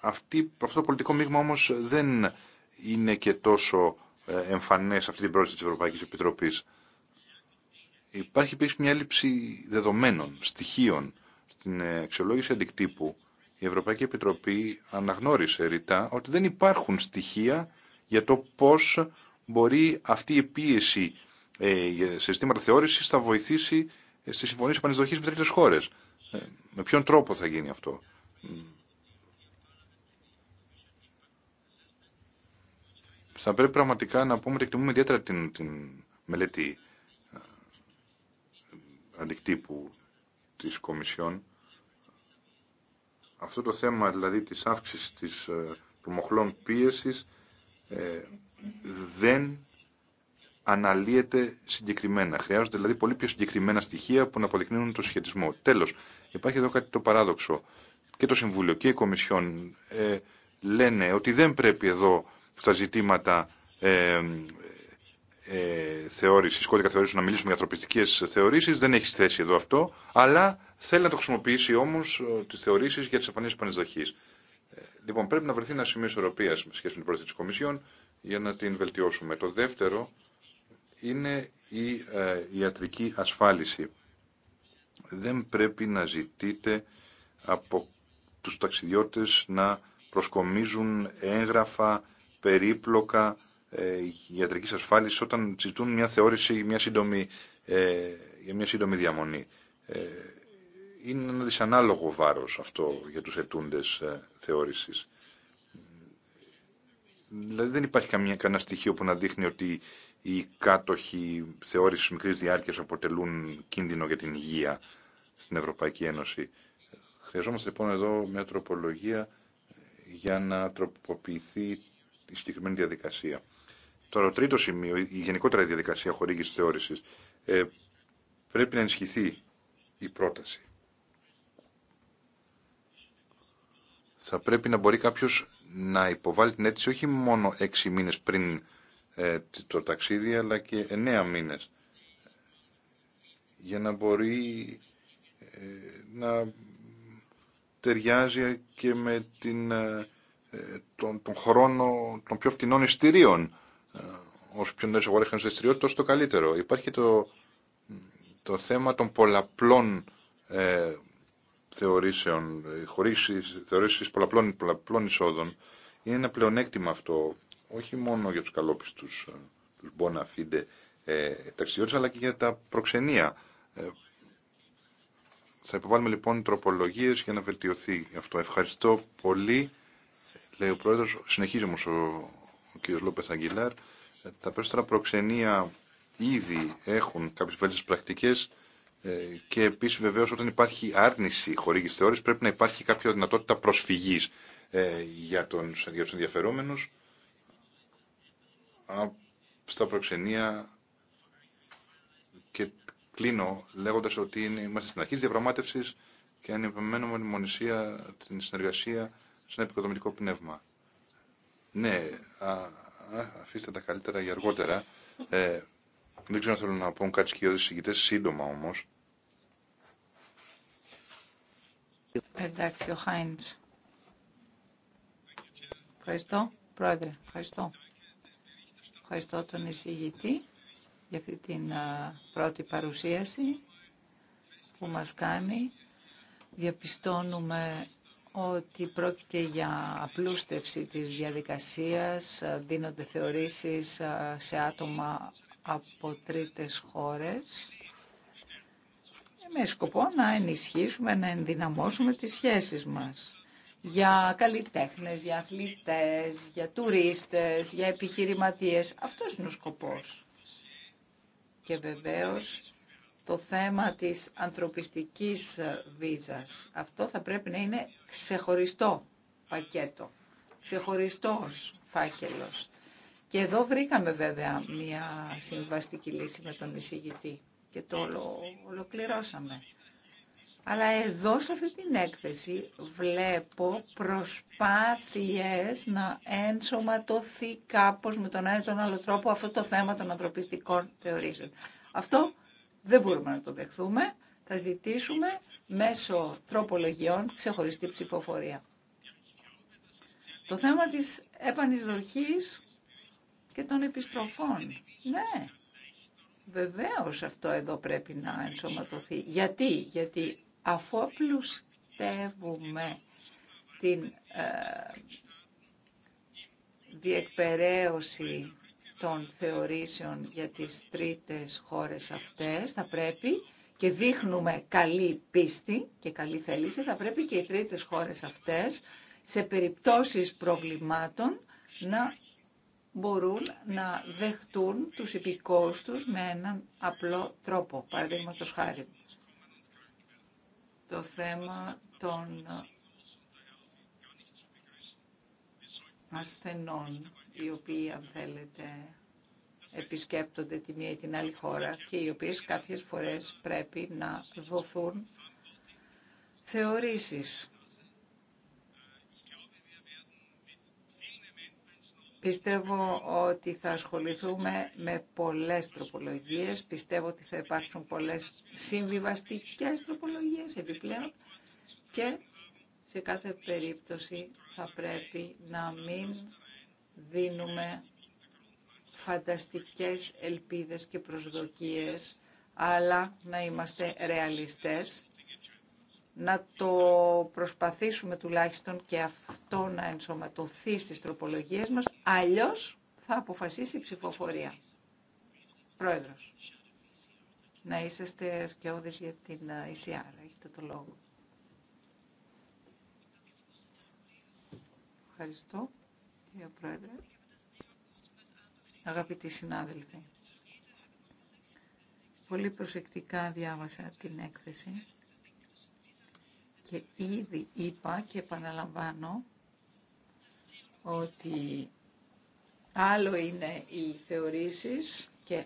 αυτή, αυτό το πολιτικό μείγμα όμως δεν είναι και τόσο εμφανές αυτή την πρόταση της Ευρωπαϊκής Επιτροπής. Υπάρχει επίση μια έλλειψη δεδομένων, στοιχείων. Στην ε, αξιολόγηση αντικτύπου η Ευρωπαϊκή Επιτροπή αναγνώρισε ρητά ότι δεν υπάρχουν στοιχεία για το πώς μπορεί αυτή η πίεση σε ζητήματα θεώρησης θα βοηθήσει ε, στη συμφωνία επανεισδοχής με τρίτες χώρες. Ε, με ποιον τρόπο θα γίνει αυτό. Θα πρέπει πραγματικά να πούμε ότι εκτιμούμε ιδιαίτερα την, την μελέτη αντικτύπου της Κομισιόν. Αυτό το θέμα δηλαδή της αύξησης της, ε, των μοχλών πίεσης ε, δεν αναλύεται συγκεκριμένα. Χρειάζονται δηλαδή πολύ πιο συγκεκριμένα στοιχεία που να αποδεικνύουν το σχετισμό. Τέλος, υπάρχει εδώ κάτι το παράδοξο. Και το Συμβούλιο και η Κομισιόν ε, λένε ότι δεν πρέπει εδώ στα ζητήματα ε, ε, θεώρησης, κώδικα θεωρήσεων να μιλήσουμε για ανθρωπιστικέ θεωρήσεις, δεν έχει θέση εδώ αυτό, αλλά θέλει να το χρησιμοποιήσει όμω ε, τι θεωρήσει για τις εμφανίσεις πανεσδοχής. Ε, λοιπόν, πρέπει να βρεθεί ένα σημείο ισορροπία με σχέση με την πρόταση τη Κομισιόν για να την βελτιώσουμε. Το δεύτερο είναι η ε, ιατρική ασφάλιση. Δεν πρέπει να ζητείτε από τους ταξιδιώτες να προσκομίζουν έγγραφα περίπλοκα ε, ιατρική ασφάλιση όταν ζητούν μια θεώρηση μια σύντομη, ε, για μια σύντομη διαμονή. Ε, είναι ένα δυσανάλογο βάρο αυτό για τους ετούντες θεώρηση. Δηλαδή δεν υπάρχει καμία, κανένα στοιχείο που να δείχνει ότι οι κάτοχοι θεώρηση μικρή διάρκεια αποτελούν κίνδυνο για την υγεία στην Ευρωπαϊκή Ένωση. Χρειαζόμαστε λοιπόν εδώ μια τροπολογία για να τροποποιηθεί η συγκεκριμένη διαδικασία. Τώρα, το τρίτο σημείο, η γενικότερα διαδικασία χορήγηση θεώρηση. Ε, πρέπει να ενισχυθεί η πρόταση. Θα πρέπει να μπορεί κάποιο να υποβάλει την αίτηση όχι μόνο έξι μήνε πριν ε, το ταξίδι, αλλά και εννέα μήνε Για να μπορεί ε, να ταιριάζει και με ε, τον, χρόνο των πιο φτηνών εισιτήριων. Ε, όσο πιο νωρίς αγορές τόσο το καλύτερο. Υπάρχει το, το θέμα των πολλαπλών ε, θεωρήσεων, ε, χωρίς θεωρήσεις πολλαπλών, πολλαπλών εισόδων. Είναι ένα πλεονέκτημα αυτό, όχι μόνο για τους καλόπιστους, τους bona fide ε, ταξιδιώτες, αλλά και για τα προξενία. θα υποβάλουμε λοιπόν τροπολογίες για να βελτιωθεί αυτό. Ευχαριστώ πολύ, λέει ο Πρόεδρος. Συνεχίζει όμως ο κ. Λόπε Αγγιλάρ, ε, τα περισσότερα προξενία ήδη έχουν κάποιε βέλτιστε πρακτικέ ε, και επίση βεβαίω όταν υπάρχει άρνηση χορήγηση θεώρηση πρέπει να υπάρχει κάποια δυνατότητα προσφυγή ε, για, τον, του ενδιαφερόμενου. Στα προξενία και κλείνω λέγοντα ότι είμαστε στην αρχή τη διαπραγμάτευση και με μονησία την συνεργασία σε ένα επικοδομητικό πνεύμα. Ναι, αφήστε τα καλύτερα για αργότερα. Ε, δεν ξέρω αν θέλω να πω κάτι σκιώδεις εισηγητές, σύντομα όμως. Εντάξει, ο Χάιντς. Ευχαριστώ, Πρόεδρε. Ευχαριστώ. Ευχαριστώ τον εισηγητή για αυτή την πρώτη παρουσίαση που μας κάνει. Διαπιστώνουμε ότι πρόκειται για απλούστευση της διαδικασίας, δίνονται θεωρήσεις σε άτομα από τρίτες χώρες με σκοπό να ενισχύσουμε, να ενδυναμώσουμε τις σχέσεις μας για καλλιτέχνες, για αθλητές, για τουρίστες, για επιχειρηματίες. Αυτός είναι ο σκοπός. Και βεβαίως το θέμα της ανθρωπιστικής βίζας. Αυτό θα πρέπει να είναι ξεχωριστό πακέτο, ξεχωριστός φάκελος. Και εδώ βρήκαμε βέβαια μια συμβαστική λύση με τον εισηγητή και το ολο, ολοκληρώσαμε. Αλλά εδώ σε αυτή την έκθεση βλέπω προσπάθειες να ενσωματωθεί κάπως με τον ένα ή τον άλλο τρόπο αυτό το θέμα των ανθρωπιστικών θεωρήσεων. Αυτό δεν μπορούμε να το δεχθούμε. Θα ζητήσουμε μέσω τροπολογιών ξεχωριστή ψηφοφορία. Το θέμα της επανεισδοχής και των επιστροφών. Ναι, βεβαίως αυτό εδώ πρέπει να ενσωματωθεί. Γιατί, γιατί αφού την ε, διεκπαιρέωση των θεωρήσεων για τις τρίτες χώρες αυτές θα πρέπει και δείχνουμε καλή πίστη και καλή θέληση, θα πρέπει και οι τρίτες χώρες αυτές σε περιπτώσεις προβλημάτων να μπορούν να δεχτούν τους υπηκόους τους με έναν απλό τρόπο. Παραδείγματος χάρη, το θέμα των ασθενών οι οποίοι αν θέλετε επισκέπτονται τη μία ή την άλλη χώρα και οι οποίες κάποιες φορές πρέπει να δοθούν θεωρήσεις. Πιστεύω ότι θα ασχοληθούμε με πολλές τροπολογίες. Πιστεύω ότι θα υπάρξουν πολλές συμβιβαστικές τροπολογίες επιπλέον και σε κάθε περίπτωση θα πρέπει να μην δίνουμε φανταστικές ελπίδες και προσδοκίες, αλλά να είμαστε ρεαλιστές, να το προσπαθήσουμε τουλάχιστον και αυτό να ενσωματωθεί στις τροπολογίες μας, αλλιώς θα αποφασίσει η ψηφοφορία. Πρόεδρος, να είσαστε σκιώδης για την ICR. έχετε το λόγο. Ευχαριστώ κύριε Πρόεδρε. Αγαπητοί συνάδελφοι, πολύ προσεκτικά διάβασα την έκθεση και ήδη είπα και επαναλαμβάνω ότι άλλο είναι οι θεωρήσεις και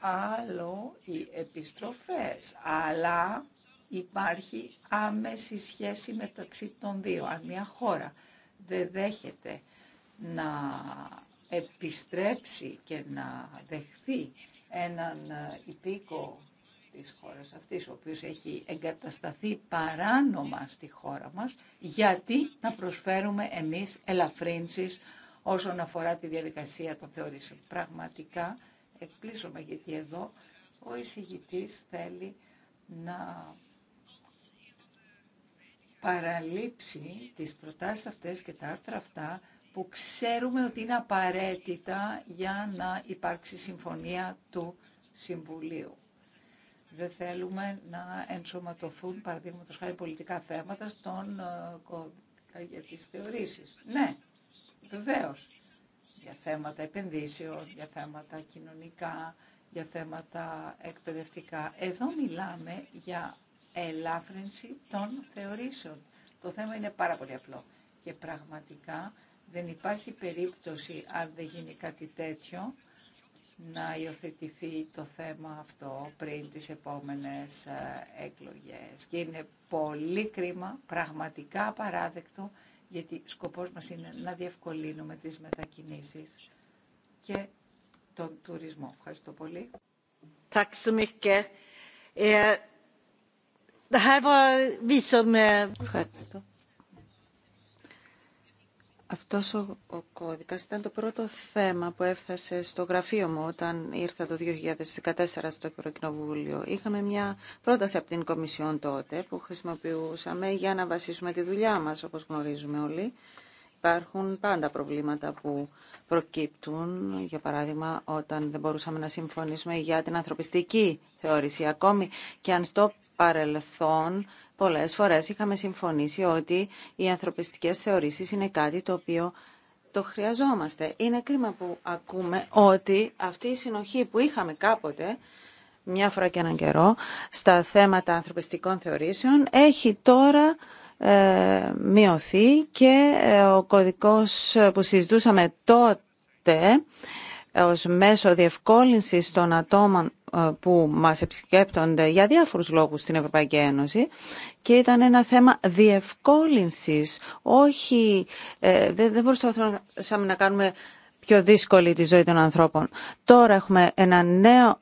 άλλο οι επιστροφές, αλλά υπάρχει άμεση σχέση μεταξύ των δύο. Αν μια χώρα δεν δέχεται να επιστρέψει και να δεχθεί έναν ε, υπήκο της χώρας αυτής, ο οποίος έχει εγκατασταθεί παράνομα στη χώρα μας, γιατί να προσφέρουμε εμείς ελαφρύνσεις όσον αφορά τη διαδικασία των θεωρήσεων. Πραγματικά εκπλήσωμα γιατί εδώ ο εισηγητής θέλει να παραλείψει τις προτάσεις αυτές και τα άρθρα αυτά που ξέρουμε ότι είναι απαραίτητα για να υπάρξει συμφωνία του Συμβουλίου. Δεν θέλουμε να ενσωματωθούν, παραδείγματος χάρη, πολιτικά θέματα στον ε, κώδικα για τις θεωρήσεις. Ναι, βεβαίως. Για θέματα επενδύσεων, για θέματα κοινωνικά, για θέματα εκπαιδευτικά. Εδώ μιλάμε για ελάφρυνση των θεωρήσεων. Το θέμα είναι πάρα πολύ απλό. Και πραγματικά δεν υπάρχει περίπτωση, αν δεν γίνει κάτι τέτοιο, να υιοθετηθεί το θέμα αυτό πριν τις επόμενες ε, εκλογές. Και είναι πολύ κρίμα, πραγματικά απαράδεκτο, γιατί σκοπός μας είναι να διευκολύνουμε τις μετακινήσεις και τον τουρισμό. Ευχαριστώ πολύ. Ε, ε, Ευχαριστώ. Αυτός ο, ο κώδικας ήταν το πρώτο θέμα που έφτασε στο γραφείο μου όταν ήρθα το 2014 στο Ευρωκοινοβούλιο. Είχαμε μια πρόταση από την Κομισιόν τότε που χρησιμοποιούσαμε για να βασίσουμε τη δουλειά μας, όπως γνωρίζουμε όλοι. Υπάρχουν πάντα προβλήματα που προκύπτουν, για παράδειγμα όταν δεν μπορούσαμε να συμφωνήσουμε για την ανθρωπιστική θεώρηση. Ακόμη και αν στο παρελθόν πολλές φορές είχαμε συμφωνήσει ότι οι ανθρωπιστικές θεωρήσεις είναι κάτι το οποίο το χρειαζόμαστε. Είναι κρίμα που ακούμε ότι αυτή η συνοχή που είχαμε κάποτε, μια φορά και έναν καιρό, στα θέματα ανθρωπιστικών θεωρήσεων, έχει τώρα ε, μειωθεί και ε, ο κωδικός που συζητούσαμε τότε ε, ως μέσο διευκόλυνσης των ατόμων που μας επισκέπτονται για διάφορους λόγους στην Ευρωπαϊκή Ένωση και ήταν ένα θέμα διευκόλυνσης, όχι, ε, δεν, δεν μπορούσαμε να κάνουμε πιο δύσκολη τη ζωή των ανθρώπων. Τώρα έχουμε ένα νέο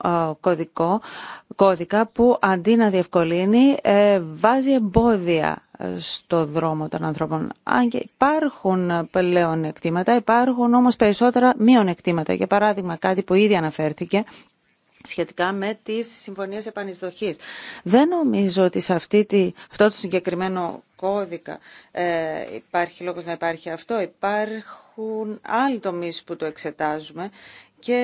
κώδικα που αντί να διευκολύνει ε, βάζει εμπόδια ε, στο δρόμο των ανθρώπων. Αν και υπάρχουν πλέον εκτήματα, υπάρχουν όμως περισσότερα μείον εκτήματα. Για παράδειγμα, κάτι που ήδη αναφέρθηκε σχετικά με τις συμφωνίες επανεισδοχής. Δεν νομίζω ότι σε αυτή τη, αυτό το συγκεκριμένο κώδικα ε, υπάρχει λόγος να υπάρχει αυτό. Υπάρχουν άλλοι τομείς που το εξετάζουμε και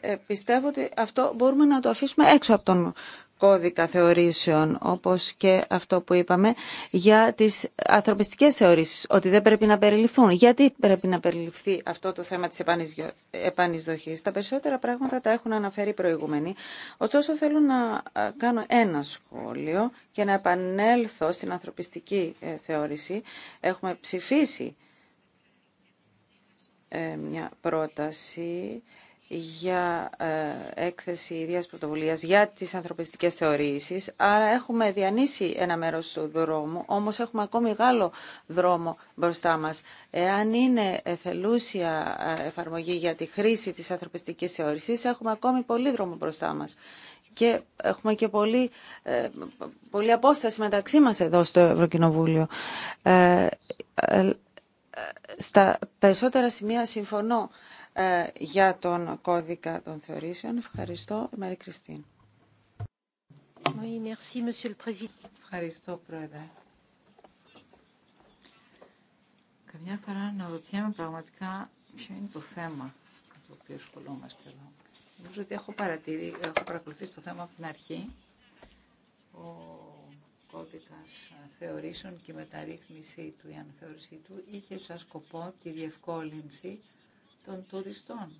ε, πιστεύω ότι αυτό μπορούμε να το αφήσουμε έξω από τον κώδικα θεωρήσεων, όπως και αυτό που είπαμε, για τις ανθρωπιστικές θεωρήσεις, ότι δεν πρέπει να περιληφθούν. Γιατί πρέπει να περιληφθεί αυτό το θέμα της επανεισδοχής. Τα περισσότερα πράγματα τα έχουν αναφέρει οι προηγούμενοι. Ωστόσο θέλω να κάνω ένα σχόλιο και να επανέλθω στην ανθρωπιστική ε, θεώρηση. Έχουμε ψηφίσει ε, μια πρόταση για ε, έκθεση ίδιας πρωτοβουλίας για τις ανθρωπιστικές θεωρήσεις. Άρα έχουμε διανύσει ένα μέρος του δρόμου, όμως έχουμε ακόμη μεγάλο δρόμο μπροστά μας. Εάν είναι εθελούσια ε, εφαρμογή για τη χρήση της ανθρωπιστικής θεωρήσης, έχουμε ακόμη πολύ δρόμο μπροστά μας. Και έχουμε και πολύ, ε, πολύ απόσταση μεταξύ μας εδώ στο Ευρωκοινοβούλιο. Στα περισσότερα σημεία συμφωνώ ε, για τον κώδικα των θεωρήσεων. Ευχαριστώ, Μαρή Κριστίν. Ευχαριστώ, Πρόεδρε. Καμιά φορά να ρωτιέμαι πραγματικά ποιο είναι το θέμα με το οποίο ασχολούμαστε εδώ. Νομίζω ότι έχω, παρατηρεί, έχω παρακολουθήσει το θέμα από την αρχή. Ο κώδικας θεωρήσεων και η μεταρρύθμιση του, η ανθεώρησή του, είχε σαν σκοπό τη διευκόλυνση των τουριστών.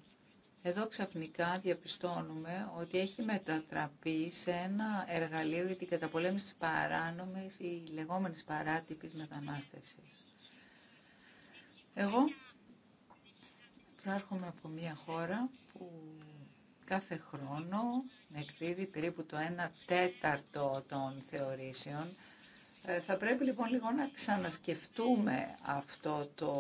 Εδώ ξαφνικά διαπιστώνουμε ότι έχει μετατραπεί σε ένα εργαλείο για την καταπολέμηση της παράνομης ή λεγόμενης παράτυπης μετανάστευσης. Εγώ προέρχομαι από μια χώρα που κάθε χρόνο εκδίδει περίπου το 1 τέταρτο των θεωρήσεων. Ε, θα πρέπει λοιπόν λίγο να ξανασκεφτούμε αυτό το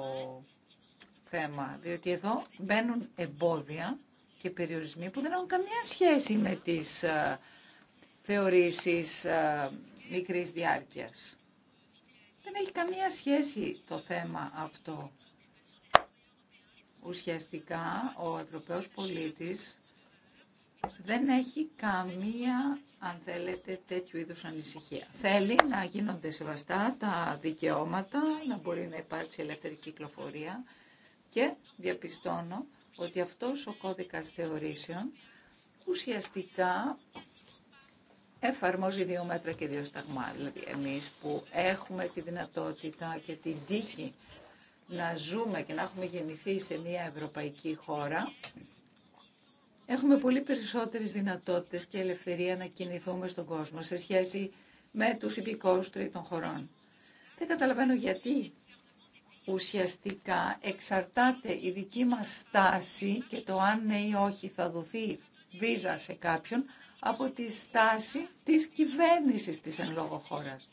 θέμα, διότι εδώ μπαίνουν εμπόδια και περιορισμοί που δεν έχουν καμιά σχέση με τις ε, θεωρήσεις ε, μικρής διάρκειας. Δεν έχει καμία σχέση το θέμα αυτό. Ουσιαστικά ο Ευρωπαίος πολίτης δεν έχει καμία, αν θέλετε, τέτοιου είδους ανησυχία. Θέλει να γίνονται σεβαστά τα δικαιώματα, να μπορεί να υπάρξει ελεύθερη κυκλοφορία και διαπιστώνω ότι αυτός ο κώδικας θεωρήσεων ουσιαστικά εφαρμόζει δύο μέτρα και δύο σταγμά. Δηλαδή εμείς που έχουμε τη δυνατότητα και την τύχη να ζούμε και να έχουμε γεννηθεί σε μια ευρωπαϊκή χώρα, έχουμε πολύ περισσότερες δυνατότητες και ελευθερία να κινηθούμε στον κόσμο σε σχέση με τους υπηκόους τρίτων χωρών. Δεν καταλαβαίνω γιατί ουσιαστικά εξαρτάται η δική μας στάση και το αν ναι ή όχι θα δοθεί βίζα σε κάποιον από τη στάση της κυβέρνησης της εν λόγω χώρας.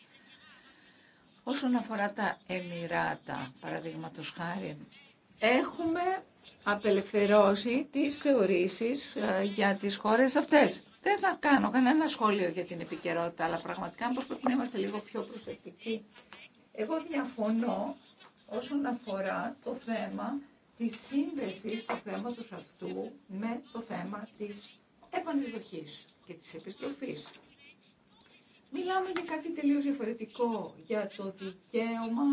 Όσον αφορά τα Εμμυράτα, παραδείγματο χάρη, έχουμε απελευθερώσει τις θεωρήσεις ε, για τις χώρες αυτές. Δεν θα κάνω κανένα σχόλιο για την επικαιρότητα, αλλά πραγματικά πως πρέπει να είμαστε λίγο πιο προσεκτικοί. Εγώ διαφωνώ όσον αφορά το θέμα της σύνδεσης του θέματος αυτού με το θέμα της επανεισδοχής και της επιστροφής. Μιλάμε για κάτι τελείως διαφορετικό, για το δικαίωμα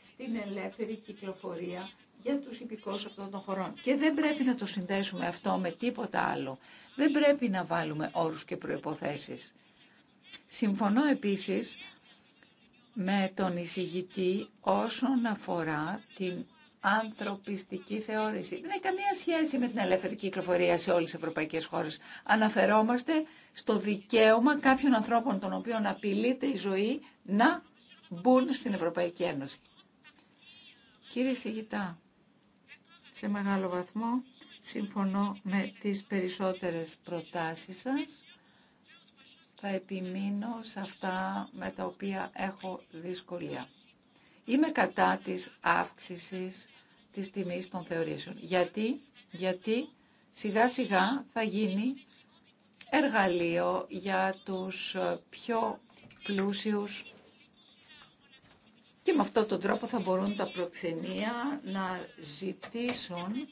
στην ελεύθερη κυκλοφορία για τους υπηκόους αυτών των χωρών. Και δεν πρέπει να το συνδέσουμε αυτό με τίποτα άλλο. Δεν πρέπει να βάλουμε όρους και προϋποθέσεις. Συμφωνώ επίσης με τον εισηγητή όσον αφορά την ανθρωπιστική θεώρηση. Δεν έχει καμία σχέση με την ελεύθερη κυκλοφορία σε όλες τις ευρωπαϊκές χώρες. Αναφερόμαστε στο δικαίωμα κάποιων ανθρώπων των οποίων απειλείται η ζωή να μπουν στην Ευρωπαϊκή Ένωση. Κύριε Σιγητά, σε μεγάλο βαθμό συμφωνώ με τις περισσότερες προτάσεις σας θα επιμείνω σε αυτά με τα οποία έχω δυσκολία. Είμαι κατά της αύξησης της τιμής των θεωρήσεων. Γιατί, γιατί σιγά σιγά θα γίνει εργαλείο για τους πιο πλούσιους και με αυτόν τον τρόπο θα μπορούν τα προξενία να ζητήσουν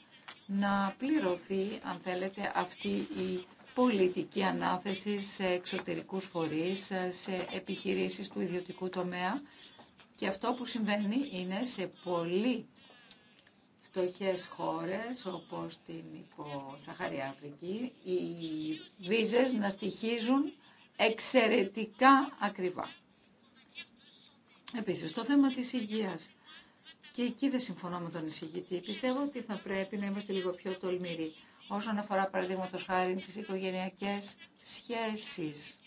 να πληρωθεί, αν θέλετε, αυτή η πολιτική ανάθεση σε εξωτερικούς φορείς, σε επιχειρήσεις του ιδιωτικού τομέα. Και αυτό που συμβαίνει είναι σε πολύ φτωχές χώρες όπως την Ιπποσαχαρία Αφρική οι βίζες να στοιχίζουν εξαιρετικά ακριβά. Επίσης, το θέμα της υγείας. Και εκεί δεν συμφωνώ με τον εισηγητή. Πιστεύω ότι θα πρέπει να είμαστε λίγο πιο τολμηροί όσον αφορά παραδείγματο χάρη τις οικογενειακές σχέσεις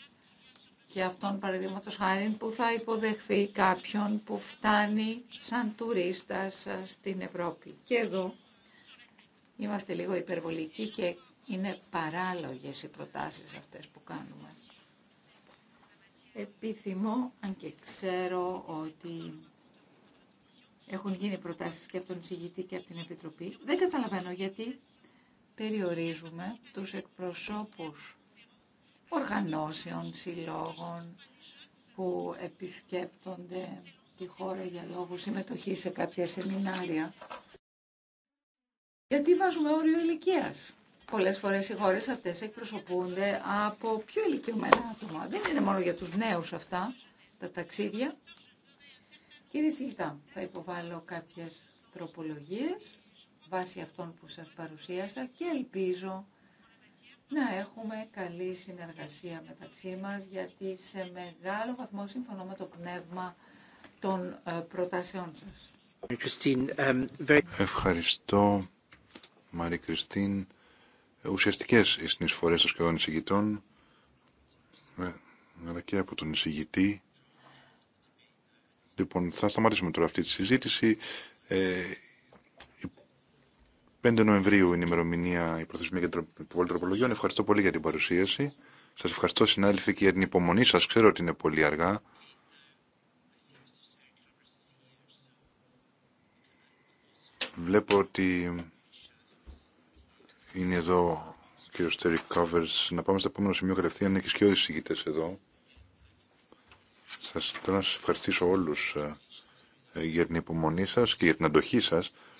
και αυτόν παραδείγματο χάρη που θα υποδεχθεί κάποιον που φτάνει σαν τουρίστας στην Ευρώπη. Και εδώ είμαστε λίγο υπερβολικοί και είναι παράλογες οι προτάσεις αυτές που κάνουμε. Επιθυμώ, αν και ξέρω ότι έχουν γίνει προτάσεις και από τον εισηγητή και από την Επιτροπή, δεν καταλαβαίνω γιατί περιορίζουμε τους εκπροσώπους οργανώσεων, συλλόγων που επισκέπτονται τη χώρα για λόγους συμμετοχή σε κάποια σεμινάρια. Γιατί βάζουμε όριο ηλικία. Πολλέ φορές οι χώρε αυτέ εκπροσωπούνται από πιο ηλικιωμένα άτομα. Δεν είναι μόνο για τους νέου αυτά τα ταξίδια. Κύριε Σιγητά, θα υποβάλω κάποιε τροπολογίες βάσει αυτών που σας παρουσίασα και ελπίζω να έχουμε καλή συνεργασία μεταξύ μας γιατί σε μεγάλο βαθμό συμφωνώ με το πνεύμα των ε, προτάσεών σας. Um, Ευχαριστώ Μαρή Κριστίν. Ε, ουσιαστικές οι συνεισφορές των σχεδόν εισηγητών ε, αλλά και από τον εισηγητή. Λοιπόν, θα σταματήσουμε τώρα αυτή τη συζήτηση. Ε, 5 Νοεμβρίου είναι η ημερομηνία η προθεσμία για την υποβολή τροπολογιών. Ευχαριστώ πολύ για την παρουσίαση. Σα ευχαριστώ συνάδελφοι και για την υπομονή σα. Ξέρω ότι είναι πολύ αργά. Βλέπω ότι είναι εδώ και ο Τέρι Κάβερ. Να πάμε στο επόμενο σημείο κατευθείαν. Είναι και σκιώδεις ηγητέ εδώ. Σας, θέλω να σα ευχαριστήσω όλου ε, για την υπομονή σα και για την αντοχή σα.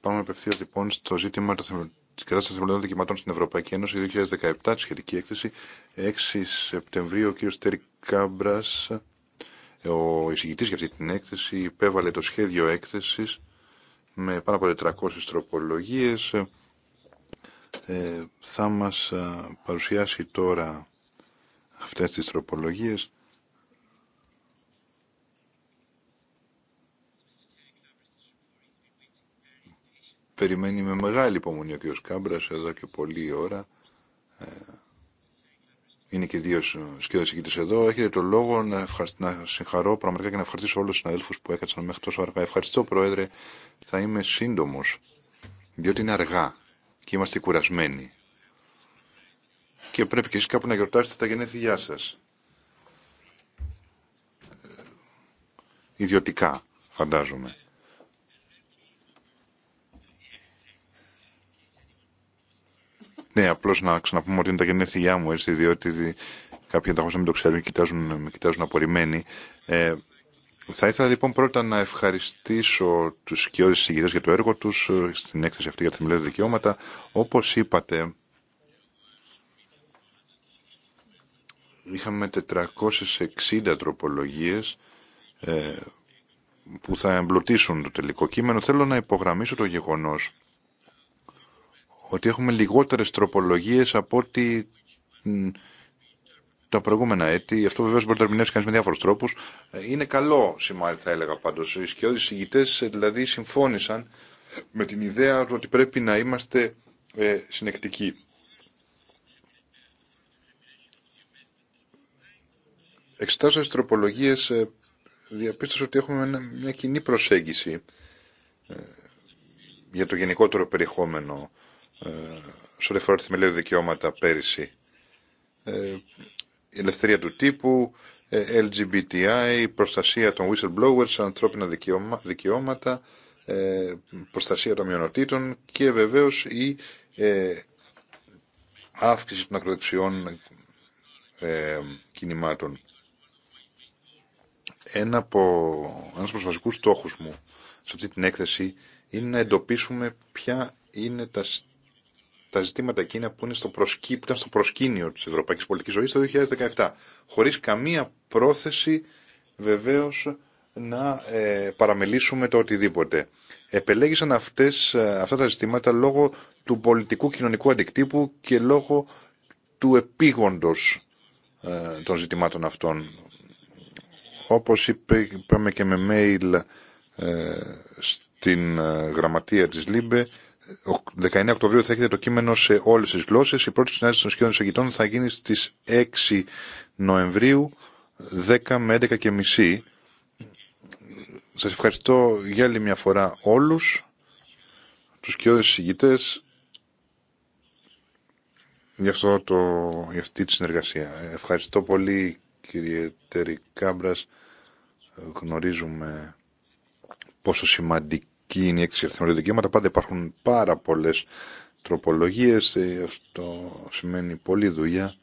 Πάμε απευθεία λοιπόν στο ζήτημα τη κατάσταση των θεμελιών δικαιωμάτων στην Ευρωπαϊκή Ένωση 2017, σχετική έκθεση. 6 Σεπτεμβρίου ο κ. Τέρι Κάμπρα, ε, ο εισηγητή για αυτή την έκθεση, υπέβαλε το σχέδιο έκθεση με πάνω από 400 τροπολογίε. Ε, θα μας ε, παρουσιάσει τώρα αυτές τις τροπολογίες περιμένει με μεγάλη υπομονή ο κ. Κάμπρας εδώ και πολλή ώρα. Ε, είναι και δύο σκέδες συγκίτες εδώ. Έχετε το λόγο να, να συγχαρώ πραγματικά και να ευχαριστήσω όλους τους συναδέλφους που έκατσαν μέχρι τόσο αργά. Ευχαριστώ Πρόεδρε, θα είμαι σύντομος, διότι είναι αργά και είμαστε κουρασμένοι. Και πρέπει και εσείς κάπου να γιορτάσετε τα γενέθλιά σας. Ε, ιδιωτικά, φαντάζομαι. Ναι, απλώ να ξαναπούμε ότι είναι τα γενέθλιά μου, έτσι, διότι κάποιοι ενταχώ να μην το ξέρουν και κοιτάζουν, με κοιτάζουν απορριμμένοι. Ε, θα ήθελα λοιπόν πρώτα να ευχαριστήσω του σκιώδει συγγενεί για το έργο του ε, στην έκθεση αυτή για τα θεμελιώδη δικαιώματα. Όπω είπατε, είχαμε 460 τροπολογίες ε, που θα εμπλουτίσουν το τελικό κείμενο. Θέλω να υπογραμμίσω το γεγονός ότι έχουμε λιγότερες τροπολογίες από ότι τα προηγούμενα έτη. Αυτό βεβαίω μπορεί να ερμηνεύσει κανεί με διάφορου τρόπου. Ε, είναι καλό σημάδι, θα έλεγα πάντω. Οι σκιώδει ηγητέ ε, δηλαδή συμφώνησαν με την ιδέα ότι πρέπει να είμαστε ε, συνεκτικοί. Εξετάζοντα τι τροπολογίε, ε, διαπίστωσα ότι έχουμε μια κοινή προσέγγιση για το γενικότερο περιεχόμενο ε, σε ό,τι αφορά τη θεμελιώδη δικαιώματα πέρυσι. Ε, η ελευθερία του τύπου, ε, LGBTI, προστασία των whistleblowers, ανθρώπινα δικαιώματα, προστασία των μειονοτήτων και βεβαίως η αύξηση των ακροδεξιών κινημάτων. Ένα από, ένας από τους βασικούς στόχους μου σε αυτή την έκθεση είναι να εντοπίσουμε ποια είναι τα, τα ζητήματα εκείνα που, είναι στο που ήταν στο προσκήνιο της ευρωπαϊκής πολιτικής ζωής το 2017, χωρίς καμία πρόθεση βεβαίως να ε, παραμελήσουμε το οτιδήποτε. Επελέγησαν αυτές, ε, αυτά τα ζητήματα λόγω του πολιτικού κοινωνικού αντικτύπου και λόγω του επίγοντος ε, των ζητημάτων αυτών. Όπως είπε, είπαμε και με mail στην γραμματεία της ΛΥΜΠΕ, 19 Οκτωβρίου θα έχετε το κείμενο σε όλες τις γλώσσες. Η πρώτη συνάντηση των σχεδόν εισαγητών θα γίνει στις 6 Νοεμβρίου 10 με 11 και μισή. Σας ευχαριστώ για άλλη μια φορά όλους τους σκιώδες εισηγητές για, αυτό για αυτή τη συνεργασία. Ευχαριστώ πολύ κύριε Τερικάμπρας. Γνωρίζουμε πόσο σημαντική η έκθεση για δικαιώματα. Πάντα υπάρχουν πάρα πολλέ τροπολογίε. Ε, αυτό σημαίνει πολλή δουλειά.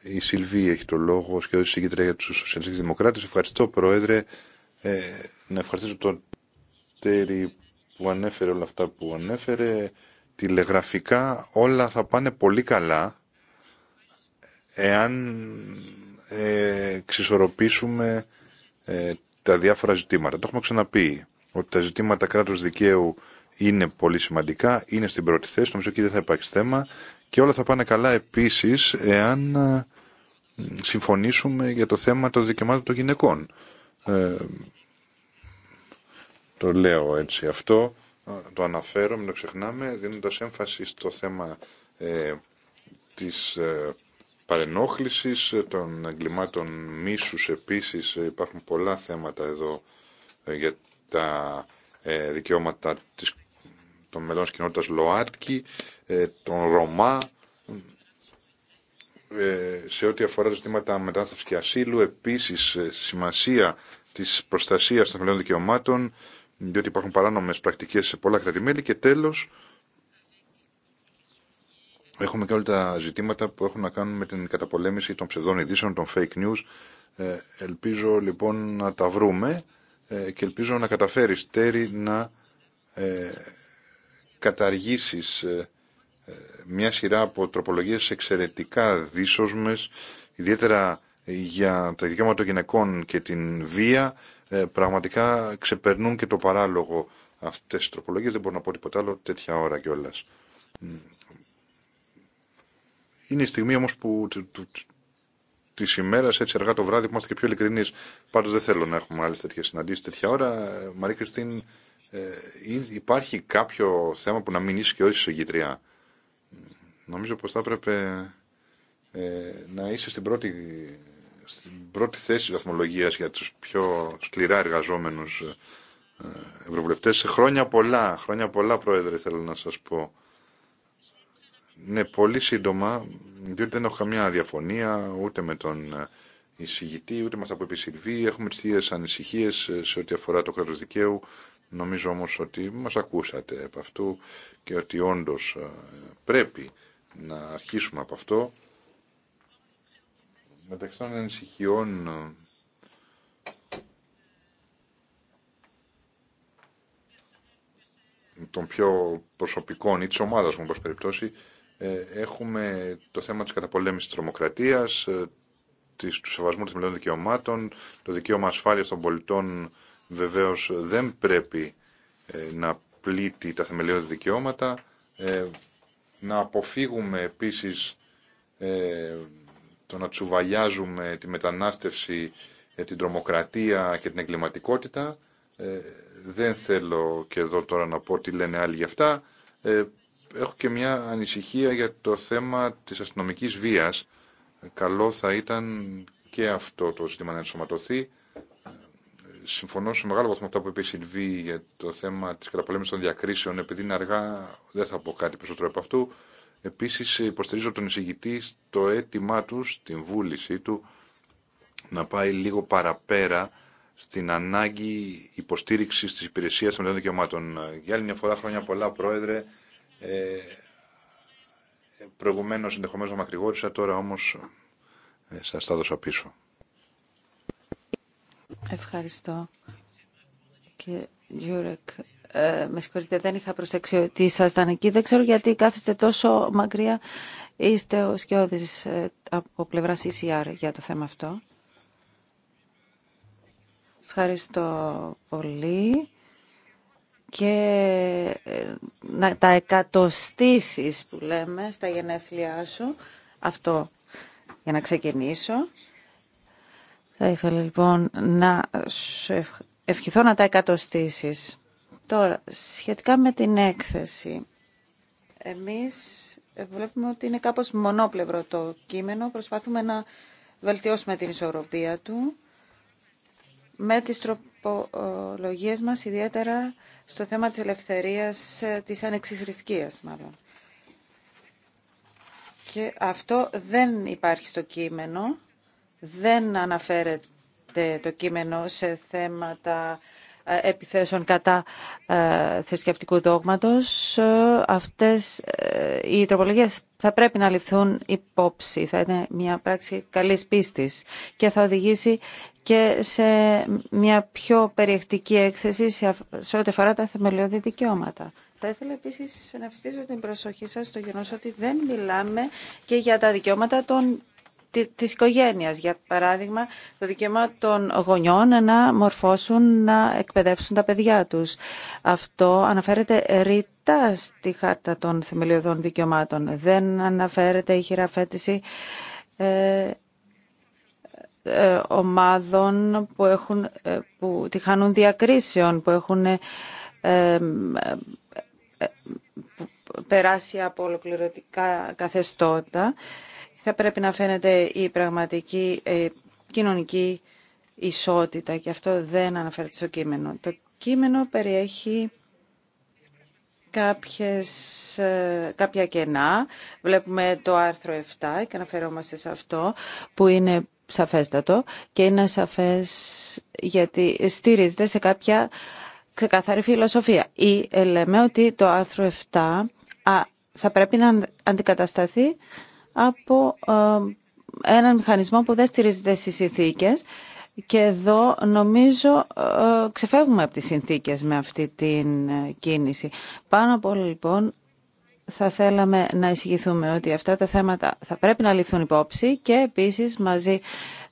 Η Σιλβή έχει το λόγο και η συγκεντρία για του Σοσιαλιστικού Δημοκράτε. Ευχαριστώ, Πρόεδρε. Ε, να ευχαριστήσω τον Τέρι που ανέφερε όλα αυτά που ανέφερε. Τηλεγραφικά όλα θα πάνε πολύ καλά εάν ε, ξισορροπήσουμε ε, τα διάφορα ζητήματα. Το έχουμε ξαναπεί ότι τα ζητήματα κράτους δικαίου είναι πολύ σημαντικά, είναι στην πρώτη θέση, νομίζω εκεί δεν θα υπάρξει θέμα και όλα θα πάνε καλά επίσης εάν ε, συμφωνήσουμε για το θέμα των δικαιωμάτων των γυναικών. Ε, το λέω έτσι αυτό, ε, το αναφέρω, μην το ξεχνάμε, δίνοντας έμφαση στο θέμα ε, της ε, παρενόχλησης, των εγκλημάτων μίσους επίσης, υπάρχουν πολλά θέματα εδώ για τα ε, δικαιώματα της, των μελών της κοινότητας ΛΟΑΤΚΙ, ε, των Ρωμά, ε, σε ό,τι αφορά τα ζητήματα μετάσταση και ασύλου, επίσης σημασία της προστασίας των μελών δικαιωμάτων, διότι υπάρχουν παράνομες πρακτικές σε πολλά κρατημέλη και τέλος έχουμε και όλα τα ζητήματα που έχουν να κάνουν με την καταπολέμηση των ψευδών ειδήσεων, των fake news. ελπίζω λοιπόν να τα βρούμε ε, και ελπίζω να καταφέρεις τέρι να ε, καταργήσεις ε, ε, μια σειρά από τροπολογίες εξαιρετικά δύσοσμες, ιδιαίτερα για τα δικαιώματα των γυναικών και την βία, πραγματικά ξεπερνούν και το παράλογο αυτές τις τροπολογίες. Δεν μπορώ να πω τίποτα άλλο τέτοια ώρα κιόλα. Είναι η στιγμή όμως που, τη ημέρα, έτσι αργά το βράδυ, που είμαστε και πιο ειλικρινεί. Πάντω δεν θέλω να έχουμε άλλε τέτοιε συναντήσει τέτοια ώρα. Ε, Μαρή Κριστίν, ε, υπάρχει κάποιο θέμα που να μην είσαι και όχι γητριά. Νομίζω πω θα έπρεπε ε, να είσαι στην πρώτη, στην πρώτη θέση βαθμολογία για του πιο σκληρά εργαζόμενου ε, ευρωβουλευτέ. Σε χρόνια πολλά, χρόνια πολλά, Πρόεδρε, θέλω να σα πω. Ναι, πολύ σύντομα, διότι δεν έχω καμιά διαφωνία ούτε με τον ε, εισηγητή, ούτε με αυτά που είπε Έχουμε τις ίδιες ανησυχίες ε, σε ό,τι αφορά το κράτος δικαίου. Νομίζω όμως ότι μας ακούσατε από αυτού και ότι όντως ε, πρέπει να αρχίσουμε από αυτό. Μεταξύ των ανησυχιών των πιο προσωπικών ή της ομάδας μου, όπως περιπτώσει, ε, έχουμε το θέμα της καταπολέμησης της τρομοκρατίας, ε, της, του σεβασμού των θεμελιών δικαιωμάτων, το δικαίωμα ασφάλειας των πολιτών βεβαίως δεν πρέπει ε, να πλήττει τα θεμελιώδη δικαιώματα, να αποφύγουμε επίσης το να τσουβαλιάζουμε τη μετανάστευση, την τρομοκρατία και την εγκληματικότητα. Δεν θέλω και εδώ τώρα να πω τι λένε άλλοι για αυτά έχω και μια ανησυχία για το θέμα της αστυνομικής βίας. Καλό θα ήταν και αυτό το ζήτημα να ενσωματωθεί. Συμφωνώ σε μεγάλο βαθμό αυτά που είπε η Σιλβή για το θέμα της καταπολέμησης των διακρίσεων. Επειδή είναι αργά, δεν θα πω κάτι περισσότερο από αυτού. Επίσης, υποστηρίζω τον εισηγητή στο αίτημά του, στην βούλησή του, να πάει λίγο παραπέρα στην ανάγκη υποστήριξης της υπηρεσίας των δικαιωμάτων. Για άλλη μια φορά, χρόνια πολλά, Πρόεδρε. Ε, προηγουμένως ενδεχομένως να μακρηγόρησα, τώρα όμως ε, σας τα δώσα πίσω. Ευχαριστώ. Και Γιούρεκ, ε, με συγχωρείτε, δεν είχα προσέξει ότι ήσασταν εκεί. Δεν ξέρω γιατί κάθεστε τόσο μακριά. Είστε ο Σκιώδης ε, από πλευρά CCR για το θέμα αυτό. Ευχαριστώ πολύ και ε, να τα εκατοστήσεις που λέμε στα γενέθλιά σου. Αυτό για να ξεκινήσω. Θα ήθελα λοιπόν να σου ευχηθώ να τα εκατοστήσεις. Τώρα, σχετικά με την έκθεση, εμείς βλέπουμε ότι είναι κάπως μονόπλευρο το κείμενο. Προσπαθούμε να βελτιώσουμε την ισορροπία του με τις τροπολογίες μας, ιδιαίτερα στο θέμα της ελευθερίας ε, της ανεξιθρησκείας μάλλον. Και αυτό δεν υπάρχει στο κείμενο, δεν αναφέρεται το κείμενο σε θέματα ε, επιθέσεων κατά ε, θρησκευτικού δόγματος. Ε, αυτές οι τροπολογίες θα πρέπει να ληφθούν υπόψη. Θα είναι μια πράξη καλής πίστης και θα οδηγήσει και σε μια πιο περιεκτική έκθεση σε ό,τι αφορά τα θεμελιώδη δικαιώματα. Θα ήθελα επίση να φυστήσω την προσοχή σας στο γεγονό ότι δεν μιλάμε και για τα δικαιώματα των της οικογένειας. Για παράδειγμα, το δικαίωμα των γονιών να μορφώσουν, να εκπαιδεύσουν τα παιδιά τους. Αυτό αναφέρεται ρητά στη Χάρτα των Θεμελιωδών Δικαιωμάτων. Δεν αναφέρεται η χειραφέτηση ε, ε, ομάδων που, έχουν, ε, που τυχάνουν διακρίσεων, που έχουν ε, περάσει από ολοκληρωτικά καθεστώτα θα πρέπει να φαίνεται η πραγματική ε, κοινωνική ισότητα και αυτό δεν αναφέρεται στο κείμενο. Το κείμενο περιέχει κάποιες, ε, κάποια κενά. Βλέπουμε το άρθρο 7 και αναφερόμαστε σε αυτό που είναι σαφέστατο και είναι σαφές γιατί στήριζεται σε κάποια ξεκαθαρή φιλοσοφία. Ή ε, λέμε ότι το άρθρο 7 α, θα πρέπει να αντικατασταθεί από ε, έναν μηχανισμό που δεν στηρίζεται στις συνθήκες και εδώ νομίζω ε, ξεφεύγουμε από τις συνθήκες με αυτή την ε, κίνηση. Πάνω από όλα λοιπόν θα θέλαμε να εισηγηθούμε ότι αυτά τα θέματα θα πρέπει να ληφθούν υπόψη και επίσης μαζί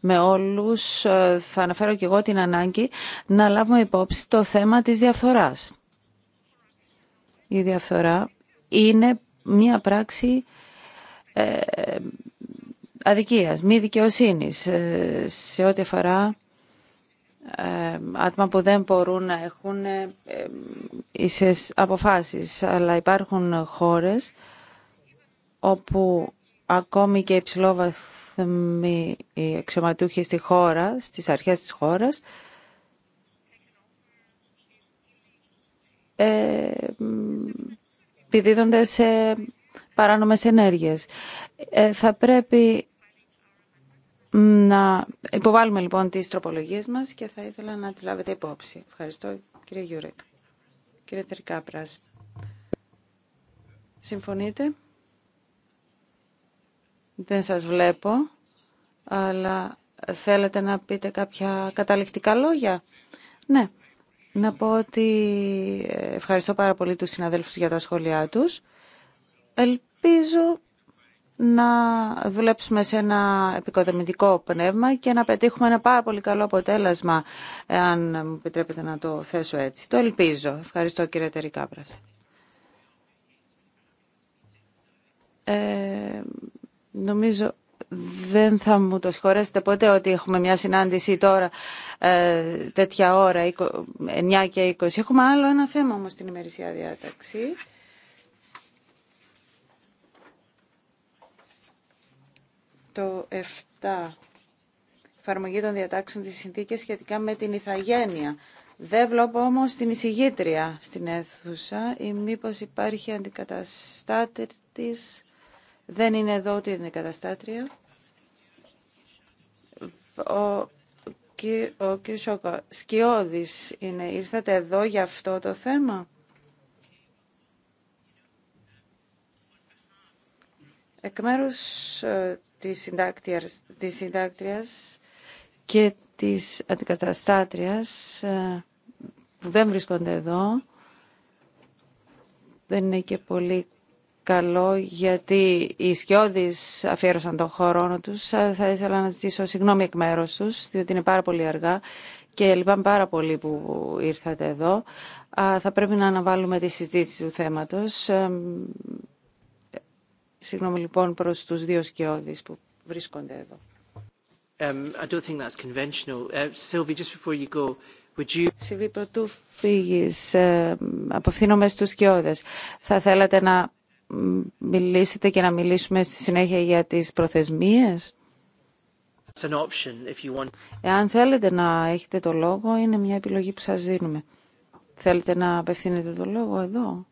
με όλους θα αναφέρω και εγώ την ανάγκη να λάβουμε υπόψη το θέμα της διαφθοράς. Η διαφθορά είναι μία πράξη ε, αδικίας, μη δικαιοσύνης ε, σε ό,τι αφορά ε, άτομα που δεν μπορούν να έχουν ίσες αποφάσεις. Αλλά υπάρχουν χώρες όπου ακόμη και υψηλόβαθμοι οι αξιωματούχοι στη χώρα, στις αρχές της χώρας, επιδίδονται σε παράνομες ενέργειες. Ε, θα πρέπει να υποβάλουμε λοιπόν τις τροπολογίες μας και θα ήθελα να τις λάβετε υπόψη. Ευχαριστώ κύριε Γιούρεκ. Κύριε Τερικάπρας. Συμφωνείτε. Δεν σας βλέπω, αλλά θέλετε να πείτε κάποια καταληκτικά λόγια. Ναι. Να πω ότι ε, ευχαριστώ πάρα πολύ τους συναδέλφους για τα σχόλιά τους. Ελπίζω να δουλέψουμε σε ένα επικοδομητικό πνεύμα και να πετύχουμε ένα πάρα πολύ καλό αποτέλεσμα, αν μου επιτρέπετε να το θέσω έτσι. Το ελπίζω. Ευχαριστώ κύριε Τερικάπρας. Ε, νομίζω δεν θα μου το συγχωρέσετε ποτέ ότι έχουμε μια συνάντηση τώρα ε, τέτοια ώρα, 9 και 20. Έχουμε άλλο ένα θέμα όμως στην ημερησία διάταξη. Το 7. Εφαρμογή των διατάξεων της συνθήκης σχετικά με την ηθαγένεια. Δεν βλέπω όμως την εισηγήτρια στην αίθουσα ή μήπως υπάρχει αντικαταστάτη της. Δεν είναι εδώ ότι είναι αντικαταστάτρια. Ο κ. Σόκο, Σκιώδης είναι. Ήρθατε εδώ για αυτό το θέμα. Εκ μέρους ε, της, της συντάκτριας και της αντικαταστάτριας ε, που δεν βρίσκονται εδώ, δεν είναι και πολύ καλό γιατί οι σκιώδεις αφιέρωσαν τον χρόνο τους. Θα ήθελα να ζητήσω συγγνώμη εκ μέρους τους, διότι είναι πάρα πολύ αργά και λυπάμαι πάρα πολύ που ήρθατε εδώ. Θα πρέπει να αναβάλουμε τη συζήτηση του θέματος Συγγνώμη λοιπόν προς τους δύο σκιώδεις που βρίσκονται εδώ. Um, I don't think that's conventional. Uh, Sylvie, just before you go, would you... πρωτού φύγεις, ε, απευθύνομαι στους σκιώδες. Θα θέλατε να μιλήσετε και να μιλήσουμε στη συνέχεια για τις προθεσμίες. an option if you want. Εάν θέλετε να έχετε το λόγο, είναι μια επιλογή που σας δίνουμε. Θέλετε να απευθύνετε το λόγο εδώ.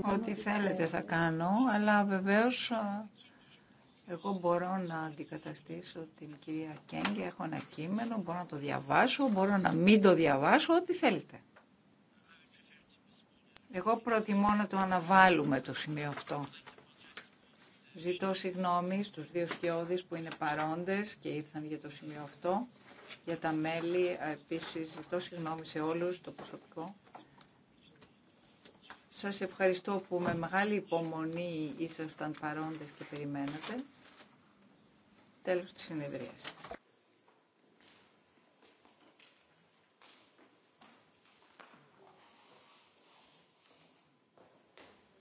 Ό,τι θέλετε θα κάνω, αλλά βεβαίως εγώ μπορώ να αντικαταστήσω την κυρία Κέγκε, έχω ένα κείμενο, μπορώ να το διαβάσω, μπορώ να μην το διαβάσω, ό,τι θέλετε. Εγώ προτιμώ να το αναβάλουμε το σημείο αυτό. Ζητώ συγγνώμη στους δύο σκιώδεις που είναι παρόντες και ήρθαν για το σημείο αυτό, για τα μέλη, επίσης ζητώ συγγνώμη σε όλους το προσωπικό. Σας ευχαριστώ που με μεγάλη υπομονή ήσασταν παρόντες και περιμένατε. Τέλος της συνεδρίας.